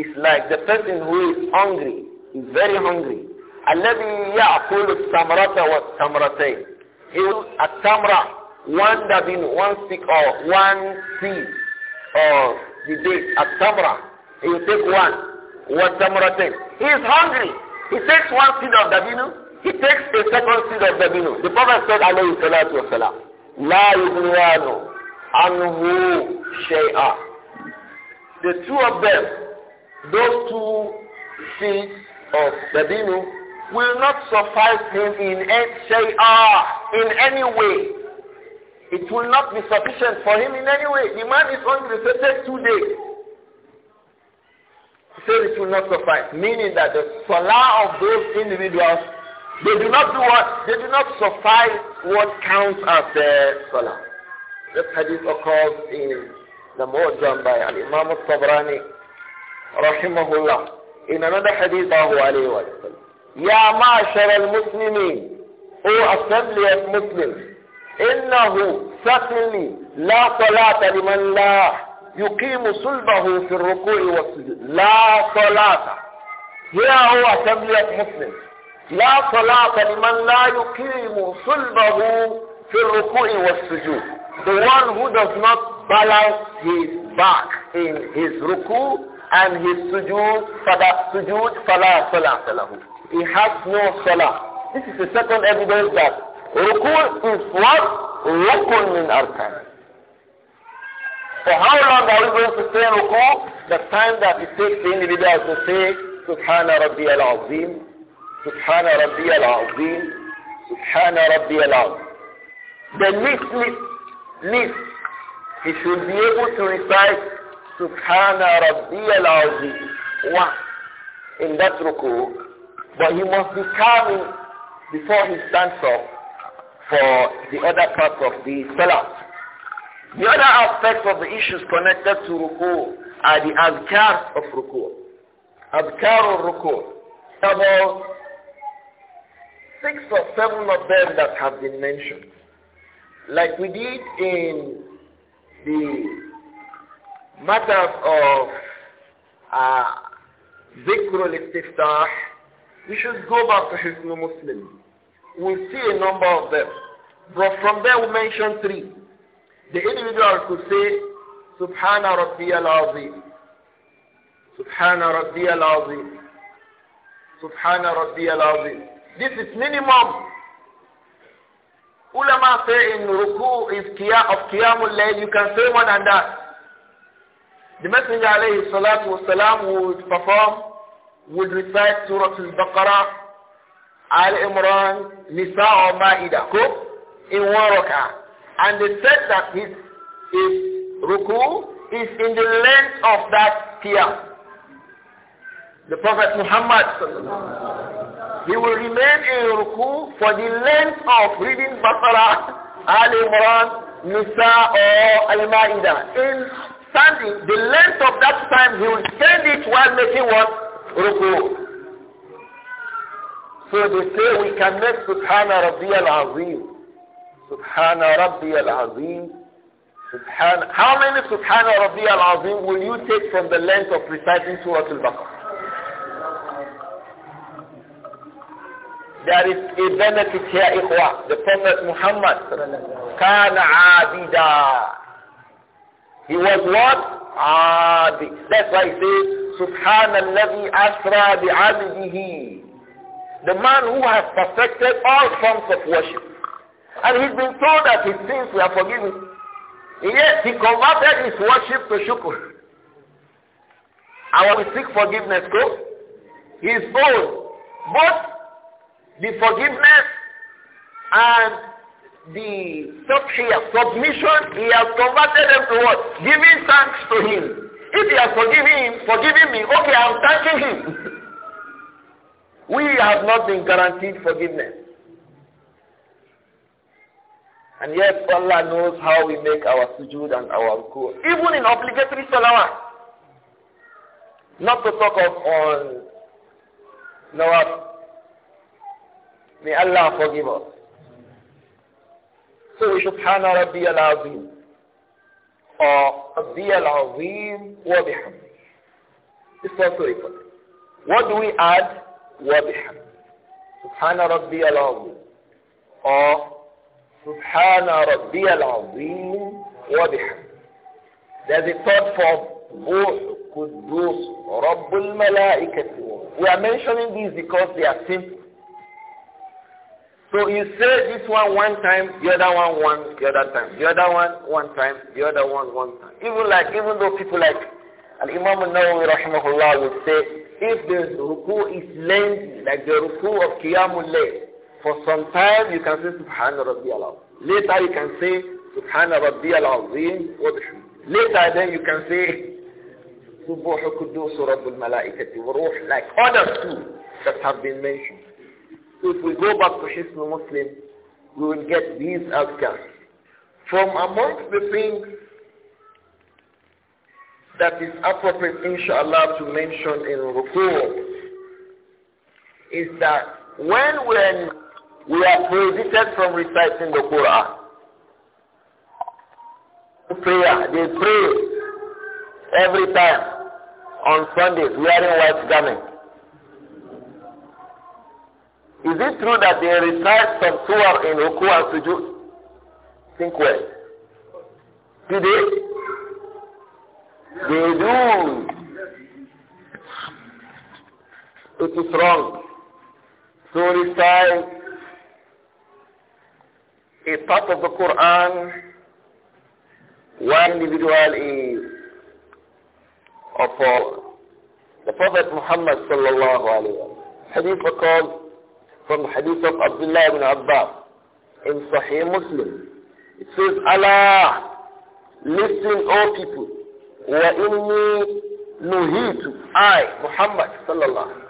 is like the person who is hungry, is very hungry. الذي يأكل wa والثمرتين. He will a tamra one dabin, one stick or one seed or the date, tamra, He will take one. والثمرتين. He is hungry. He takes one seed of dabinu. He takes a second seed of dabinu. The Prophet said, Alayhi salatu wa والسلام, La يغنيانه anhu shay'a. The two of them, those two seeds of Dabinu, will not suffice him in shay'a, in any way. It will not be sufficient for him in any way. The man is only restricted two days. He said it will not suffice, meaning that the salah of those individuals, they do not do what? They do not suffice what counts as their salah. This hadith occurs in the Mu'jam by Imam al-Tabrani, rahimahullah. In another hadith, Allahu alayhi wa sallam. Ya ma'ashar al-Muslimin, O assembly of Muslims, إنه certainly لا صلاة لمن لا يقيم صلبه rukui wa sujud la salata Here o assembly of Muslims لا صلاة لمن لا يقيم صلبه rukui wa sujud The one who does not balance his back in his ruku and his sujood, fada, sujood, fala, salah, salahu. He has no salah. This is the second evidence that ruku is what? Rukun in arkan. For how long are we going to stay in ruku? The time that it takes the individual to say, Subhana Rabbi al-Azim, Subhana Rabbi al-Azim, Subhana Rabbi al-Azim. The next least he should be able to recite Subhana Rabbi al once in that ruku, but he must be calm before he stands up for the other part of the salah. The other aspects of the issues connected to ruku are the adhkar of ruku. Adhkar of ruku. About six or seven of them that have been mentioned. Like we did in the matter of uh, Zikr istiftah we should go back to Hisn Muslim. We'll see a number of them. But from there we mention three. The individual could say, Subhana Rabbiyal Azim. Subhana Rabbiyal Azim. Subhana This is minimum Ulama say in ruku is kia of qiyamul layl, you can say one and that. The Messenger alayhi salatu wasalam would perform, would recite Surah Al-Baqarah, Al-Imran, Nisa or Ma'idah, in one rak'ah. And they said that his, his ruku is in the length of that qiyam the Prophet Muhammad he will remain in ruku for the length of reading Basara, Al Imran, Nisa or Al Ma'idah. In standing, the length of that time he will spend it while making what? Ruku. So they say we can make Subhana Rabbi al Azim. Subhana Rabbi al Azim. Subhana. How many Subhana Rabbi al Azim will you take from the length of reciting Surah Al-Baqarah? There is a benefit here, ikhwah. The Prophet Muhammad, kana abida. He was what? Abid. That's why he says, Subhanallah asra bi abdihi. The man who has perfected all forms of worship. And he's been told that his sins were forgiven. Yes, he converted his worship to shukr. I will seek forgiveness, go. His own. Both the forgiveness and the submission, he has converted them to what? Giving thanks to him. If he has forgiven him, forgiving me, okay, I'm thanking him. we have not been guaranteed forgiveness. And yet Allah knows how we make our sujood and our ruku. Even in obligatory salawat. Not to talk of on nawab May Allah forgive us. So we Rabbi al Azim, or Azim wa وبحمده. It's also important. What do we add? وبحمده. Rabbi al Azim, or al Azim wa وبحمده. There's a third form. روح قدوس رب الملائكة. We are mentioning these because they are simple. So you say this one one time, the other one one, the other time, the other one one time, the other one one time. Even like, even though people like and imam al-Nawawi rahimahullah would say, if the ruku is lengthy, like the ruku of Qiyamul Layl, for some time you can say Subhana Rabbi Allah. Later you can say Subhana Rabbi al Later then you can say Subuhu Rabbul Malaikati like others too that have been mentioned. So if we go back to Hisn Muslim, we will get these outcomes. From amongst the things that is appropriate, inshallah, to mention in Rukur is that when when we are prohibited from reciting the Quran, prayer, they pray every time on Sundays wearing white garments. Is it true that they recite some surah in Ruku and Sujud? Think well. Do they? They do. It is wrong So recite a part of the Quran one individual is of all. The Prophet Muhammad sallallahu alayhi wa sallam, hadith recalls from hadith of Abdullah ibn Abbas in Sahih Muslim. It says, Allah, listen, O people, wa inni nuhitu, I, Muhammad sallallahu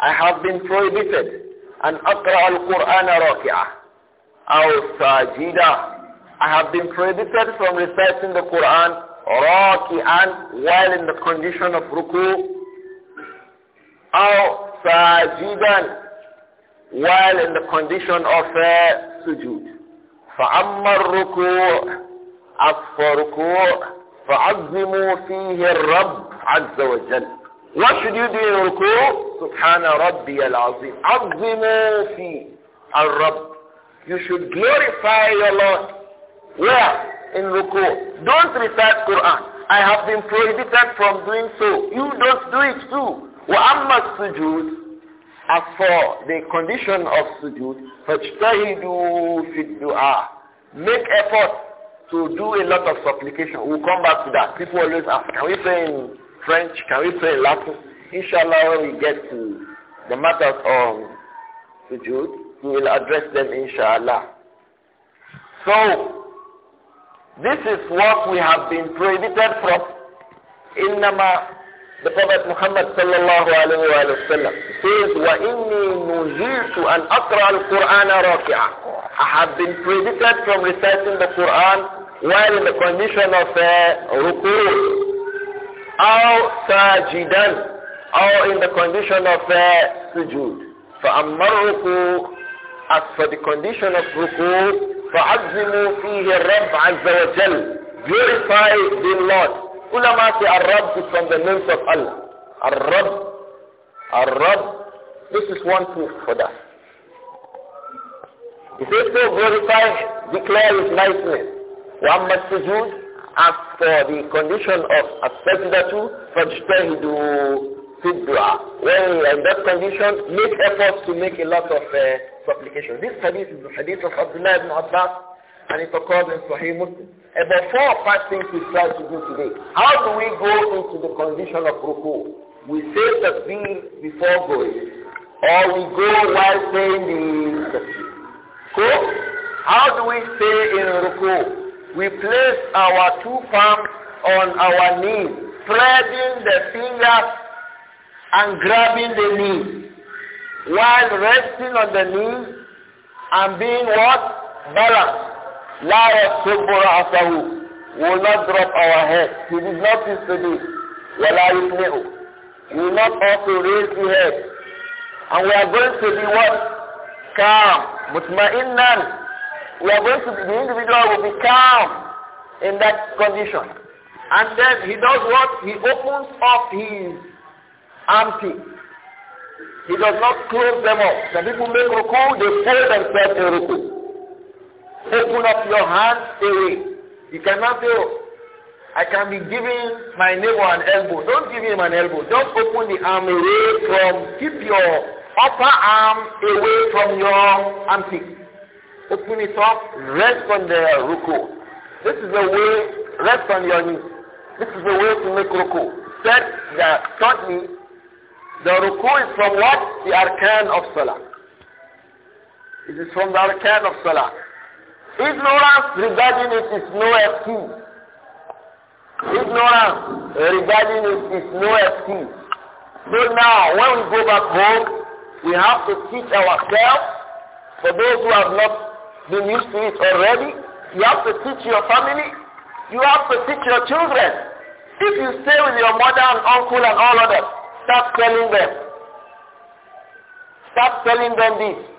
I have been prohibited an aqra al-Qur'an raki'ah, aw sajida. I have been prohibited from reciting the Qur'an raki'an while in the condition of ruku, aw sajidan while in the condition of uh, sujood. فَأَمَّا الرُّكُوعُ As for فَعَظِّمُوا فِيهِ الرَّبِّ عَزَّ وَجَلَّ What should you do in ruku'? سُبْحَانَ رَبِّيَ الْعَظِيمِ عَظِّمُوا فِيهِ الرَّبِّ You should glorify your Lord. Where? In ruku'. Don't recite Quran. I have been prohibited from doing so. You don't do it too. وَأَمَّا السُّجُودُ as for the condition of sujood, فَاجْتَهِدُوا فِي الدُّعَى Make effort to do a lot of supplication. We'll come back to that. People always ask, can we pray in French? Can we pray in Latin? Inshallah, when we get to the matters of sujood, we will address them inshallah. So, this is what we have been prohibited from. إنما the Prophet Muhammad sallallahu alayhi wa sallam says, وَإِنِّي نُهِيتُ أَنْ أَقْرَأَ الْقُرْآنَ رَاكِعًا I have been prohibited from reciting the Quran while in the condition of uh, ruku' أو ساجداً or in the condition of uh, sujood. فَأَمَّا الرُّكُوع As for the condition of ruku' فَعَزِّمُوا فِيهِ الرَّبْ عَزَّ وَجَلَّ Glorify the Lord Ulama say Arab is from the names of Allah. Arab, Arab. This is one proof for that. If says, so glorify, declare his lightness. One must sujood, ask for the condition of a sajda to fajtahidu fiddu'a. When you are in that condition, make efforts to make a lot of uh, This hadith is the hadith of Abdullah ibn Abbas and it occurs in Sahih Muslim. About eh, four or five things we try to do today. How do we go into the condition of ruku? We say the thing before going, or we go while saying the So, how do we say in ruku? We place our two palms on our knees, spreading the fingers and grabbing the knee, while resting on the knee and being what? Balanced. La yasubbu ra'asahu. Will not drop our head. He did not used to this. He will not also raise the head. And we are going to be what? Calm. Mutma'innan. We are going to be, the individual will be calm in that condition. And then he does what? He opens up his empty. He does not close them up. The people make ruku, they fold themselves in ruku. Open up your hands away. You cannot say, oh, I can be giving my neighbor an elbow. Don't give him an elbow. Just open the arm away from, keep your upper arm away from your armpit. Open it up, rest on the ruku. This is the way, rest on your knee. This is the way to make ruku. Said that, me the ruku is from what? The arkan of salah. It is from the arkan of salah. Ignorance regarding it is no excuse. Ignorance regarding it is no excuse. So now, when we go back home, we have to teach ourselves. For those who have not been used to it already, you have to teach your family. You have to teach your children. If you stay with your mother and uncle and all others, start telling them. Start telling them this.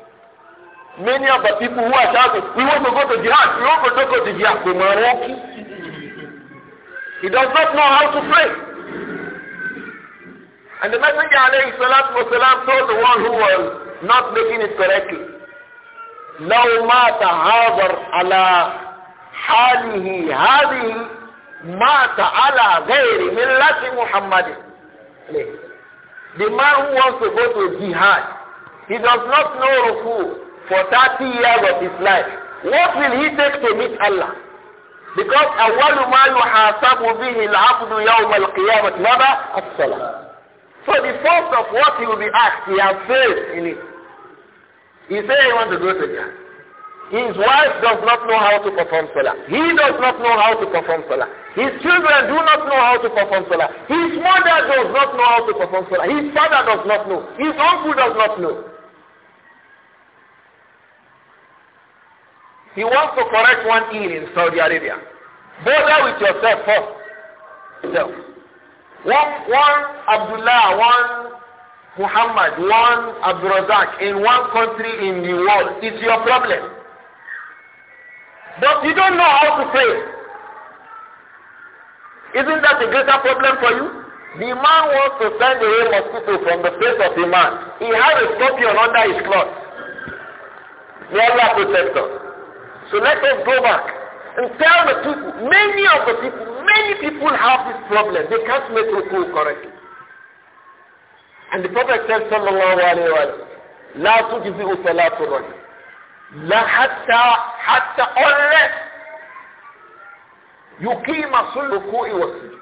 Many of the people who are shouting, we want to go to jihad, we want to go to jihad, they were walking. He does not know how to pray. And the Messenger alayhi salatu wasalam told the one who was not making it correctly, لو مات هاجر على حاله هذه مات على غير ملة محمد The man who wants to go to jihad, he does not know Rasul for 30 years of his life, what will he take to meet Allah? Because أول ما يحاسب به العبد يوم القيامة ماذا؟ الصلاة. So the first of what he will be asked, he has failed in it. He said he wants to go to Jannah. His wife does not know how to perform salah. He does not know how to perform salah. His children do not know how to perform salah. His mother does not know how to perform salah. His father does not know. His uncle does not know. He wants to correct one thing in Saudi Arabia. Bother with yourself first. Self. One, one Abdullah, one Muhammad, one Abdurazak in one country in the world is your problem. But you don't know how to pray. Isn't that a greater problem for you? The man wants to send away mosquito from the face of the man. He has a scorpion under his cloth. May Allah protect so let us go back and tell the people, many of the people, many people have this problem. They can't make ruku correctly. And the Prophet said, sallallahu alayhi wa sallam, لا تجزئ صلاة الرجل لا حتى حتى unless يقيم الركوع والسجود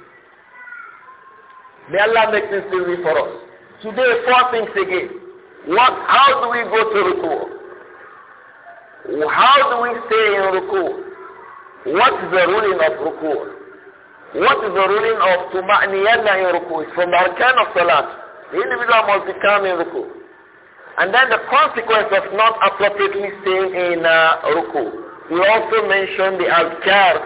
May Allah make this easy for us. Today, four things again. What, how do we go to ruku? How do we stay in ruku? What is the ruling of ruku? What is the ruling of tuma'niyana in ruku? It's from the arkan of salat. The individual must become in ruku. And then the consequence of not appropriately staying in uh, ruku. We also mentioned the azkar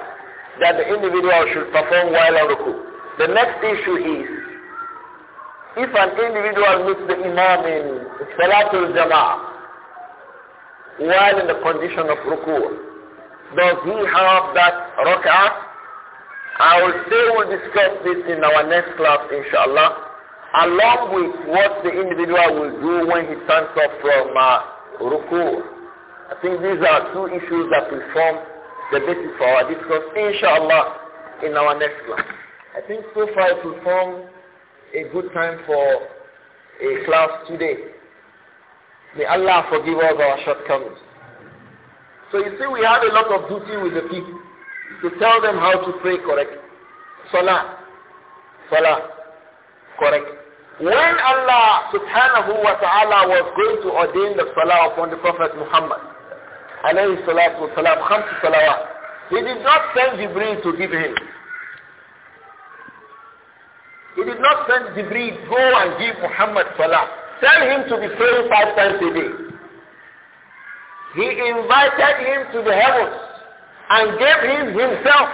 that the individual should perform while on ruku. The next issue is if an individual meets the imam in Salatul Jama'ah while in the condition of ruku'. Does he have that rak'ah? I will say we'll discuss this in our next class, inshallah, along with what the individual will do when he stands up from uh, ruku'. I think these are two issues that will form the basis for our discussion, inshallah, in our next class. I think so far it will form a good time for a class today. May Allah forgive us our shortcomings. So you see, we have a lot of duty with the people to tell them how to pray correctly. Salah. Salah. Correct. When Allah subhanahu wa ta'ala was going to ordain the salah upon the Prophet Muhammad, alayhi salatu wa salam, khamsu salawat, he did not send Jibreel to give him. He did not send Jibreel, go and give Muhammad salah. Tell him to be praying five times a day. He invited him to the heavens and gave him himself.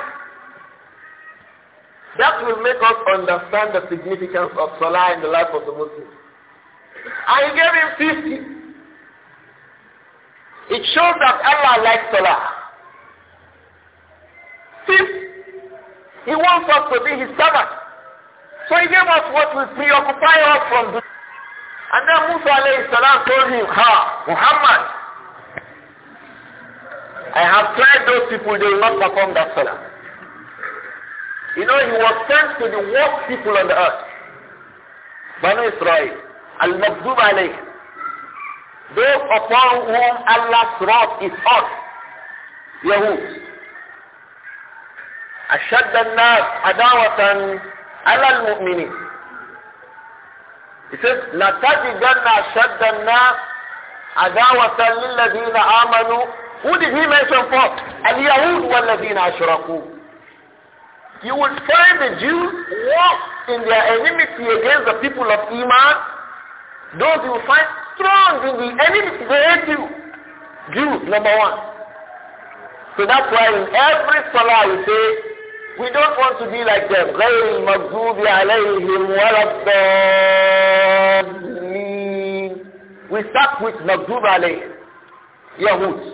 That will make us understand the significance of Salah in the life of the Muslim. And he gave him 50. It shows that Allah likes Salah. Fifth, he wants us to be his servant. So he gave us what will preoccupy us from this. And then Musa alayhi salam told him, Ha, Muhammad, I have tried those people, they will not perform that salah. You know, he was sent to the worst people on the earth. Banu Israel, Al-Mabdub alayhi. Those upon whom Allah's wrath is on, Yahud. أشد الناس عداوة على المؤمنين it says, لَتَجِدَنَّ أَشَدَّ النَّاسِ عَدَاوَةً لِلَّذِينَ آمَنُوا Who did he mention first? الْيَهُودُ وَالَّذِينَ أَشْرَكُوا You will find the Jews walk in their enmity against the people of Iman. Those you will find strong in the enmity, they hate you. Jews, number one. So that's why in every salah you say, We don't want to be like them. غير المغضوب عليهم ولا We start with مغضوب عليهم. Yahud.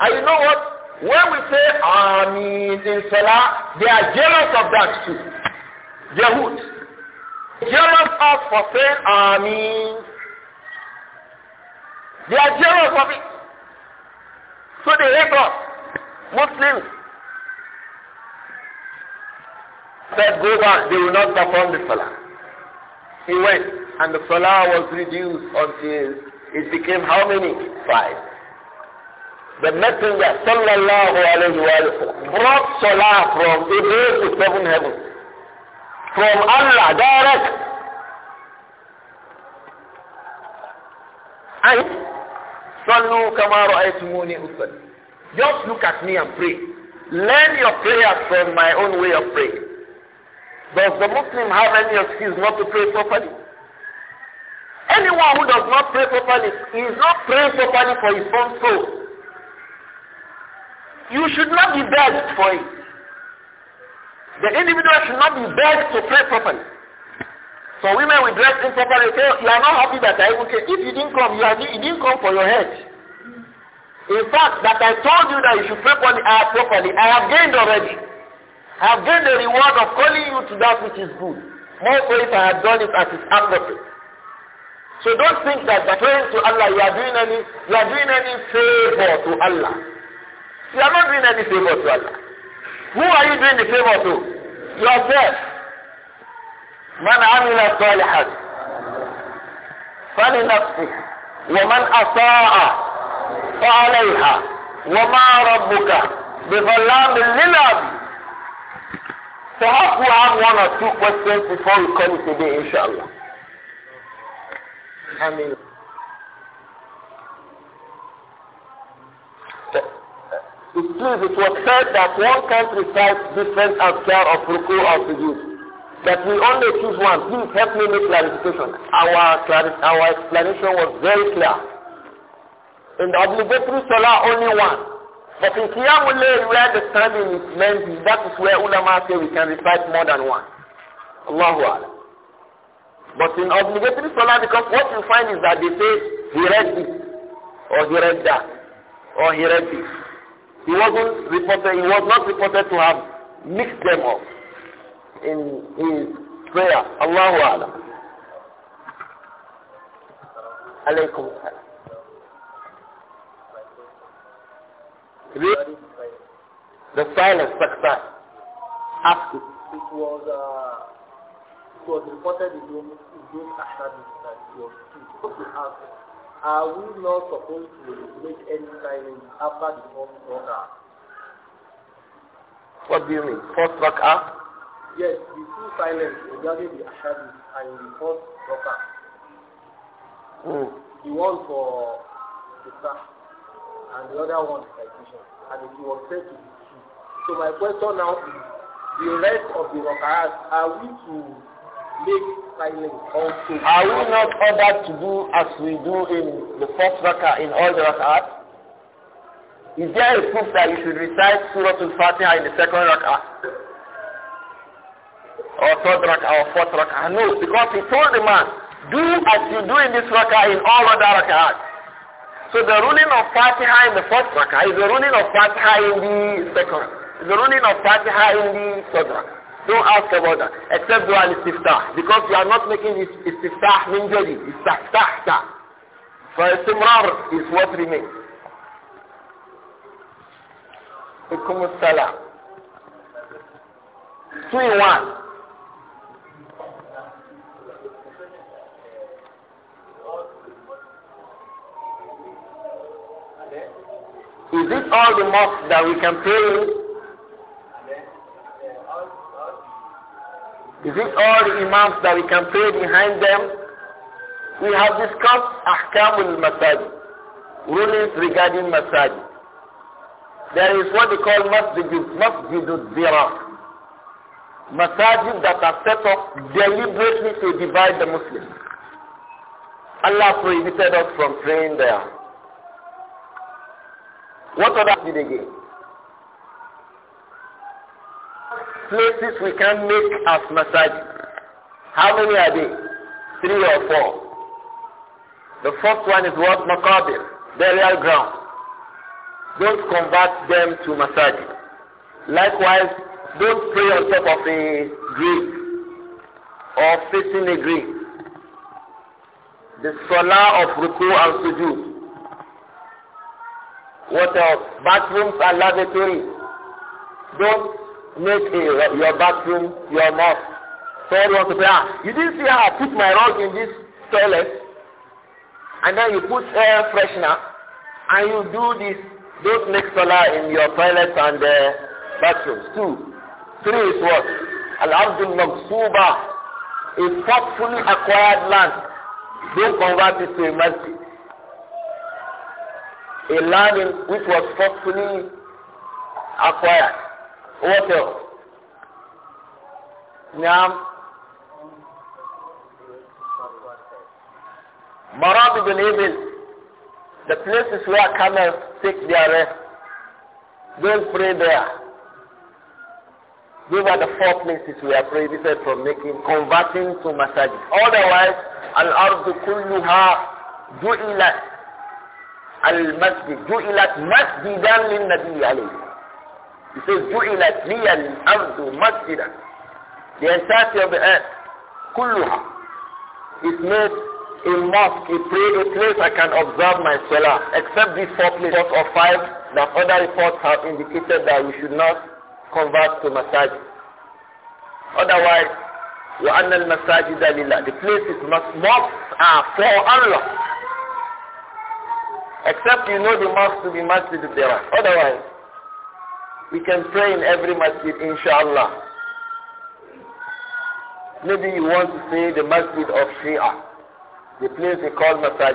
And you know what? When we say Amin in Salah, they are jealous of that too. Yahud. Jealous of for saying Amin. They are jealous of it. So they hate us. Muslims. said, go back, they will not perform the salah. He went, and the salah was reduced until it became how many? Five. The messenger, sallallahu alayhi wa brought salah from Ibrahim to seven heavens. From Allah, direct. And, sallu kama ra'aytumuni usalli. Just look at me and pray. Learn your prayers from my own way of praying. Does the Muslim have any excuse not to pray properly? Anyone who does not pray properly is not praying properly for his own soul. You should not be begged for it. The individual should not be begged to pray properly. So women we dress improperly. Say, oh, you are not happy that I even came. If you didn't come, you, are, you didn't come for your head. In fact, that I told you that you should pray properly, uh, I have gained already have gained the reward of calling you to that which is good, more so if I had done it as is appropriate. So don't think that by praying to Allah you are doing any you are doing any favour to Allah. You are not doing any favour to Allah. Who are you doing the favour to? Yourself. Man من عمل صالحا فلنفسه ومن أساء فعليها وما ربك بظلام للعبيد Perhaps we have one or two questions before we call it today, inshallah. I mean, it, it was said that one can't recite different afkar of ruku or sujud. That we only choose one. Please help me with clarification. Our, clar- our explanation was very clear. In the obligatory salah, only one. But in Qiyamul Layl, where the standing is meant, that is where ulama say we can recite more than one. Allahu Akbar. But in obligatory salah, because what you find is that they say, he read this, or he read that, or he read this. He wasn't reported, he was not reported to have mixed them up in his prayer. Allahu Akbar. Alaykum salam. Read the silence, Pakistan. Ask it. It was, uh, it was reported in those, in that it was supposed to happen. Are we not supposed to make any silence after the fourth rocker? What do you mean? First rocker? Yes, the two silence regarding the academics and the first rocker. Mm. The one for the staff. and the other one is digestion and it was said to be two so my question now is the rest of the rakaat are we to make silence also. are we not ordered to do as we do in the first rakaat in all the rakaat is there a proof that you should recite surah al-fatiha in the second rakaat or third rakah or fourth rakah. No, because he told the man, do as you do in this rakah in all other rakahs. So the ruling of Fatiha in the fourth rakah is the ruling of Fatiha in the second. Is the ruling of Fatiha in the third rakah. Don't ask about that. Except dua al-istiftah. Because you are not making this istiftah min jadi. Istiftahta. For istimrar is what remains. Hukum salam. three one. Is it all the mosque that we can pray in? Is it all the imams that we can pray behind them? We have discussed ahkamul masajid, rulings regarding masajid. There is what they call masjidul masjidul zirah, masajid that are set up deliberately to divide the Muslims. Allah prohibited us from praying there. What other did they give? Places we can make as masajid. How many are they? Three or four. The first one is what? Makabir, burial ground. Don't convert them to masajid. Likewise, don't pray on top of a grave or facing a grave. The salah of ruku and sujud. Water else? Bathrooms and lavatories. Don't make a, your bathroom your mosque. So everyone to say, ah, you didn't see how I put my rug in this toilet? And then you put air freshener and you do this. Don't make solar in your toilets and uh, bathrooms. Two. Three is what? Al-Abdul Maqsuba. A thoughtfully acquired land. Don't convert it to a masjid. a land which was forcefully acquired. What else? Now, Marab ibn Ibn, the places where camels take their rest, don't pray there. Those are the four places we are prohibited from making, converting to masajid. Otherwise, al-ardu kulluha du'ilat al-masjid. Ju'ilat masjidan lin Nabi alayhi. He says, Ju'ilat al ardu masjidan. The entirety of the earth, kulluha, is made a mosque, a, place, a place I can observe my salah, except these four places or five that other reports have indicated that we should not convert to masjid. Otherwise, وَأَنَّ الْمَسَاجِدَ لِلَّهِ The places, mosques are for Allah. Except you know the mosque to be masjid al Otherwise, we can pray in every masjid, inshallah. Maybe you want to say the masjid of Shia, the place they call masjid.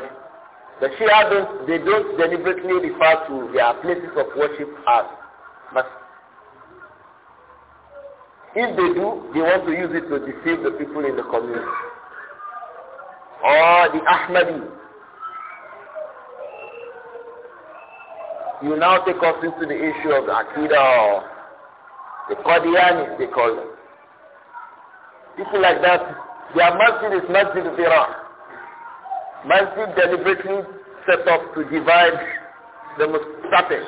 The Shia don't, they don't deliberately refer to their places of worship as masjid. If they do, they want to use it to deceive the people in the community. Or the Ahmadi, you now take us into the issue of the Akida or the Qadianis, they call them. People like that, their masjid is masjid Iran. Masjid deliberately set up to divide the Mustafa.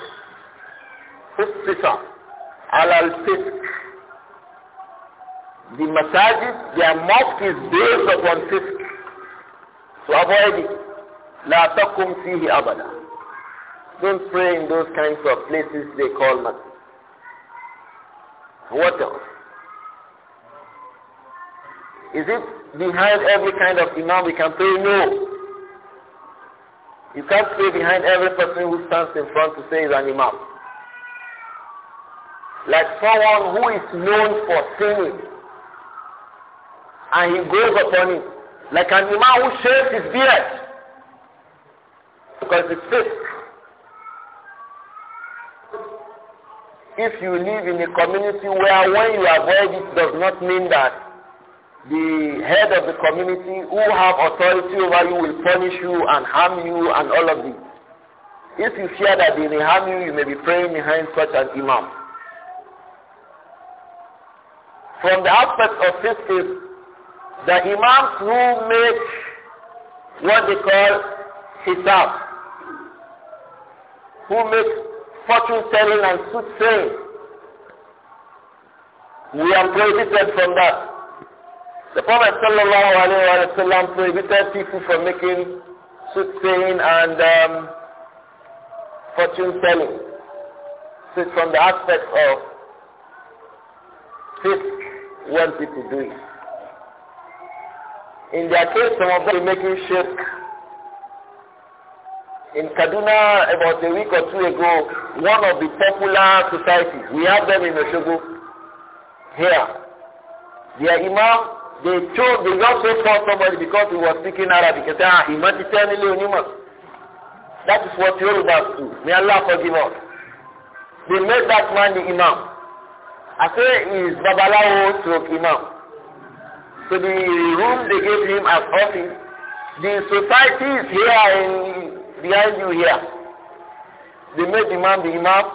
Hussita, Al-Al-Fisk. The masajid, their mosque is based upon fisk. So avoid it. لا تقم فيه أبدا don't pray in those kinds of places they call masjid. What else? Is it behind every kind of imam we can pray? No. You can't pray behind every person who stands in front to say is an imam. Like someone who is known for sinning and he goes upon it. Like an imam who shaves his beard because it's sick. if you live in a community where when you avoid it does not mean that the head of the community who have authority over you will punish you and harm you and all of this. If you fear that they may harm you, you may be praying behind such an imam. From the aspect of this is the imams who make what they call hisab, who make fortune telling and soothsaying. We are prohibited from that. The Prophet sallallahu alaihi wasallam prohibited people from making soothsaying and um, fortune telling. So it's from the aspect of fisk when people do it. In their case, some of them making shirk in Kaduna, about a week or two ago, one of the popular societies, we have them in Oshogo, here. Their imam, they chose, they also for somebody because he was speaking Arabic. They said, ah, Imam That is what Yorubas do. May Allah forgive us. They made that man the imam. I say he's is Babalawo stroke imam. So the room they gave him as office, the societies here in behind you here. They made the man the imam,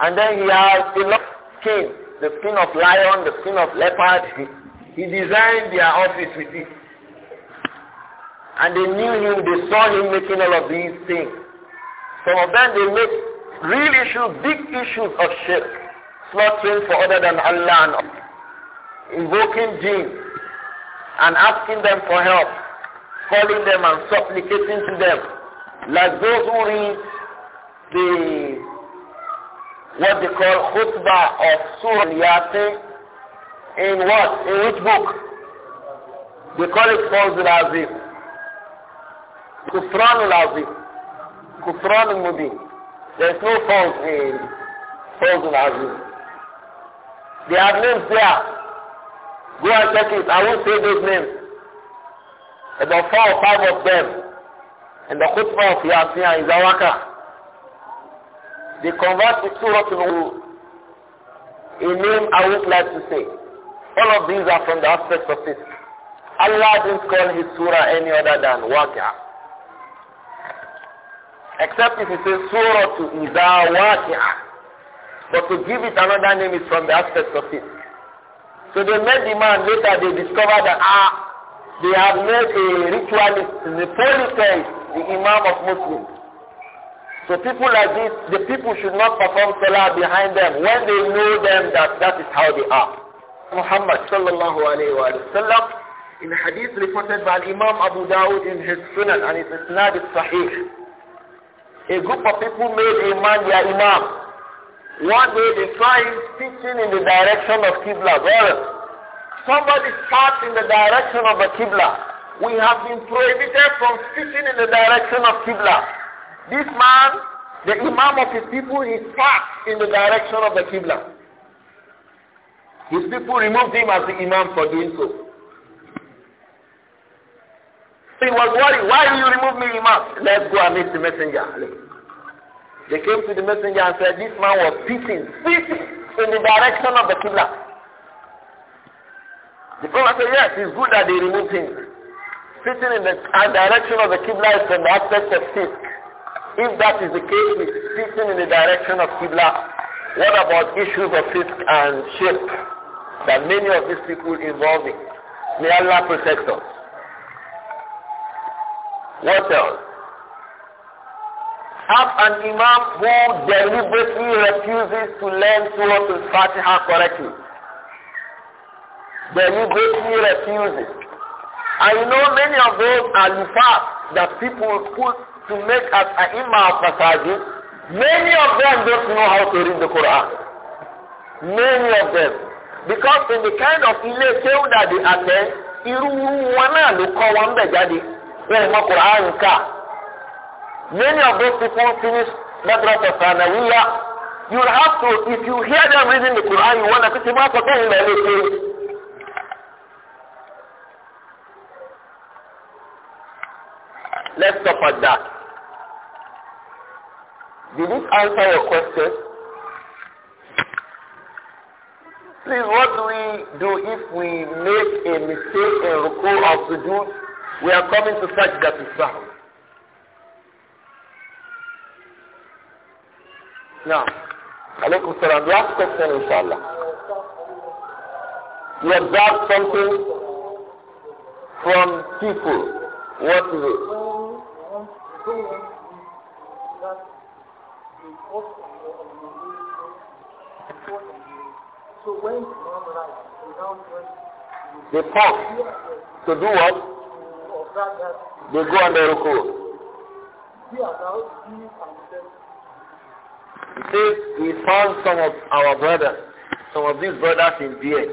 and then he has a lot king, skin, the skin of lion, the skin of leopard. He designed their office with it. And they knew him, they saw him making all of these things. Some of them, they make real issues, big issues of shirk, slaughtering for other than Allah and invoking jinn and asking them for help, calling them and supplicating to them. Like those who read the what they call khutbah of Surah Yasin in what? In which book? They call it Fawzul Azim. Kufran al-Azim. Kufran al-Mubin. There is no fault in Fawzul Azim. They have names there. Go and check it. I won't say those names. About four or five of them. And the khutbah of Yasin is a waka. They convert surah to a name I would like to say. All of these are from the aspects of it. Allah didn't call his surah any other than waka. Except if he says surah to Iza waka. But to give it another name is from the aspects of it. So they made the man later they discovered that ah, they have made a ritualist, a polytheist the Imam of Muslims. So people like this, the people should not perform salah behind them when they know them that that is how they are. Muhammad sallallahu alayhi wa sallam in hadith reported by Imam Abu Dawud in his Sunan and it's not is sahih. A group of people made a man their imam. One day they saw him teaching in the direction of Qibla. Well, somebody starts in the direction of the Qibla we have been prohibited from speaking in the direction of Qibla. This man, the Imam of his people, is fast in the direction of the Qibla. His people removed him as the Imam for doing so. He was worried, why did you remove me, Imam? Let's go and meet the messenger. They came to the messenger and said, this man was speaking, speaking in the direction of the Qibla. The Prophet said, yes, it's good that they removed him sitting in the direction of the Qibla is from the aspect of fisk. If that is the case, he's sitting in the direction of Qibla. What about issues of fisk and shape that many of these people involved in? May Allah protect us. What else? Have an imam who deliberately refuses to learn Surah Al-Fatiha correctly. Deliberately refuses. I know many of those alufas that people put to make as Aima of Masajid, many of them don't know how to read the Quran. Many of them. Because in the kind of ilé kéwù that they attend, irú wọn náà ló kọ́ wọn bẹ̀ jáde. Wọ́n mọ Quran ká. Many of those people finish Madrasa Sanawiya. You have to, if you hear them reading the Quran, you want to teach them how to read the Let's stop at that. Did it answer your question? Please, what do we do if we make a mistake in ruku of the sujood? We are coming to such that is sound. Now, alaykum salam. Last question, inshallah. You observe something from people. What is it? doing that important or important So when not right, you now They pause to do what? They go under the ruku. He says we found some of our brothers, some of these brothers in beard.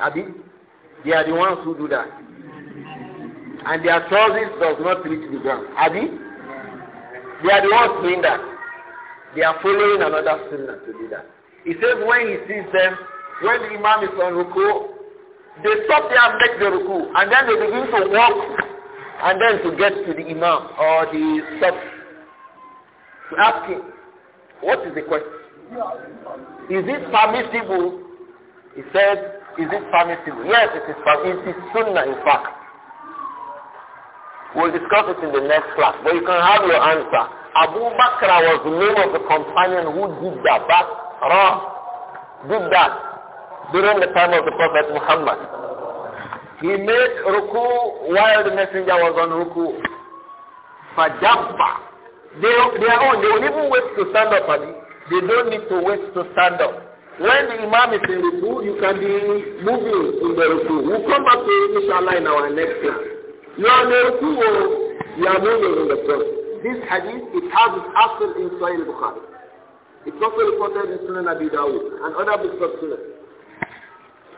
Abi, they are the ones who do that and their trousers does not reach the ground. Abi? They are the ones doing that. They are following another sunnah to do that. He says when he sees them, when the imam is on ruku, they stop there and make the ruku, and then they begin to walk, and then to get to the imam or the stop. To ask him, what is the question? Is it permissible? He said, is it permissible? Yes, it is permissible. It is sunnah, in fact. We'll discuss it in the next class, but you can have your answer. Abu Bakr was the name of the companion who did that. Bakr did that during the time of the Prophet Muhammad. He made ruku while the messenger was on ruku. Fajabba. They, they are on. They will even wait to stand up, Ali. They don't need to wait to stand up. When the Imam is in ruku, you can be moving in the ruku. We'll come back to it, inshallah, in our next class. You are you are This hadith, it has its asl in Sahih Bukhari. It's also reported in Sunan Abi Dawud and other books of Sunan.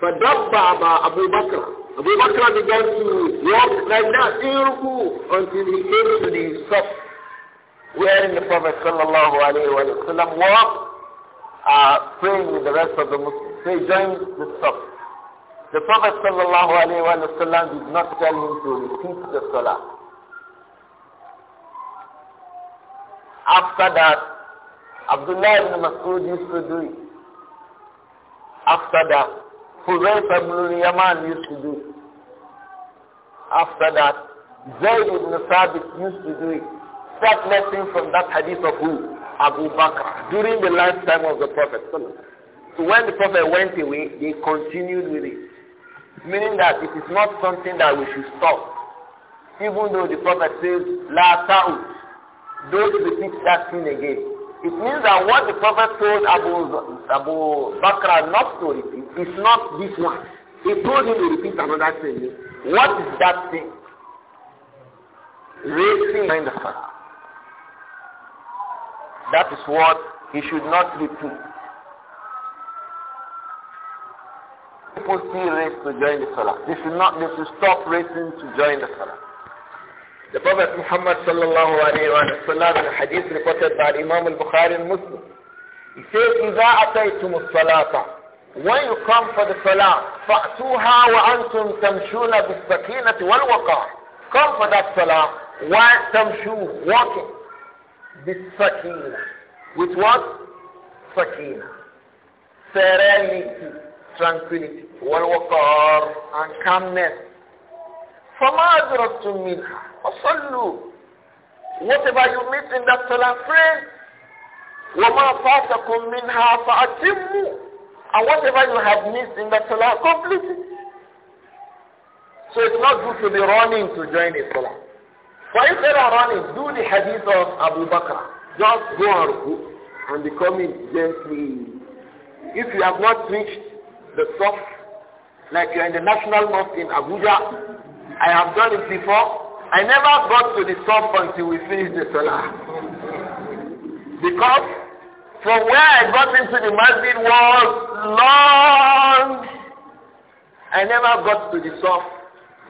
فَدَبَّ Abu Bakr. Abu Bakr began to walk like that in Ruku until he came to the stop wherein the Prophet sallallahu alayhi wa sallam walked uh, praying with the rest of the Muslims. They joined the stop. The Prophet ﷺ did not tell him to repeat the salah. After that, Abdullah ibn Mas'ud used to do it. After that, Huzayf ibn Yaman used to do it. After that, Zayd ibn Thabit used to do it. That lesson from that hadith of who? Abu Bakr. During the lifetime of the Prophet. So when the Prophet went away, they continued with it. Meaning that it is not something that we should stop. Even though the Prophet says, La ta'ud, don't repeat that sin again. It means that what the Prophet told Abu, Abu Bakr not to repeat is not this one. He told him to repeat another thing. What is that thing? Raising mind of That is what he should not repeat. people still race to join the salah. This is not, This is stop racing to join the salah. The Prophet Muhammad sallallahu alayhi wa sallam in a hadith reported by Imam al-Bukhari and Muslim. He says, إِذَا أَتَيْتُمُ الصَّلَاةَ When you come for the salah, فَأْتُوهَا وَأَنْتُمْ تَمْشُونَ بِالسَّكِينَةِ وَالْوَقَارِ Come for that salah, وَتَمْشُوا, walking, بِالسَّكِينَةِ With what? Sakina. Serenity tranquility والوقار and calmness فما أدركتم منها فصلوا whatever you meet in that salah pray وما فاتكم منها فأتموا and whatever you have missed in that salah complete it so it's not good to be running to join a salah Why if are running do the hadith of Abu Bakr just go and ruku and become coming gently if you have not reached the top, like you're in the National Mosque in Abuja. I have done it before. I never got to the top until we finished the Salah. Because from where I got into the masjid was long. I never got to the top.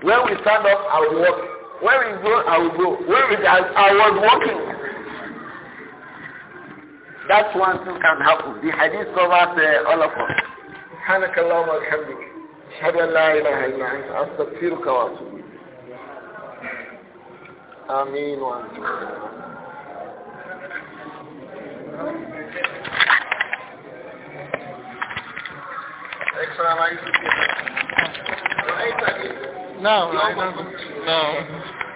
When we stand up, I will walk. When we go, I will go. When we I, I was walking. That's one thing can happen. The hadith covers uh, all of us. سبحانك اللهم وبحمدك أشهد أن لا إله إلا أنت أستغفرك وأتوب إليك آمين وأنتم السلام عليكم نعم نعم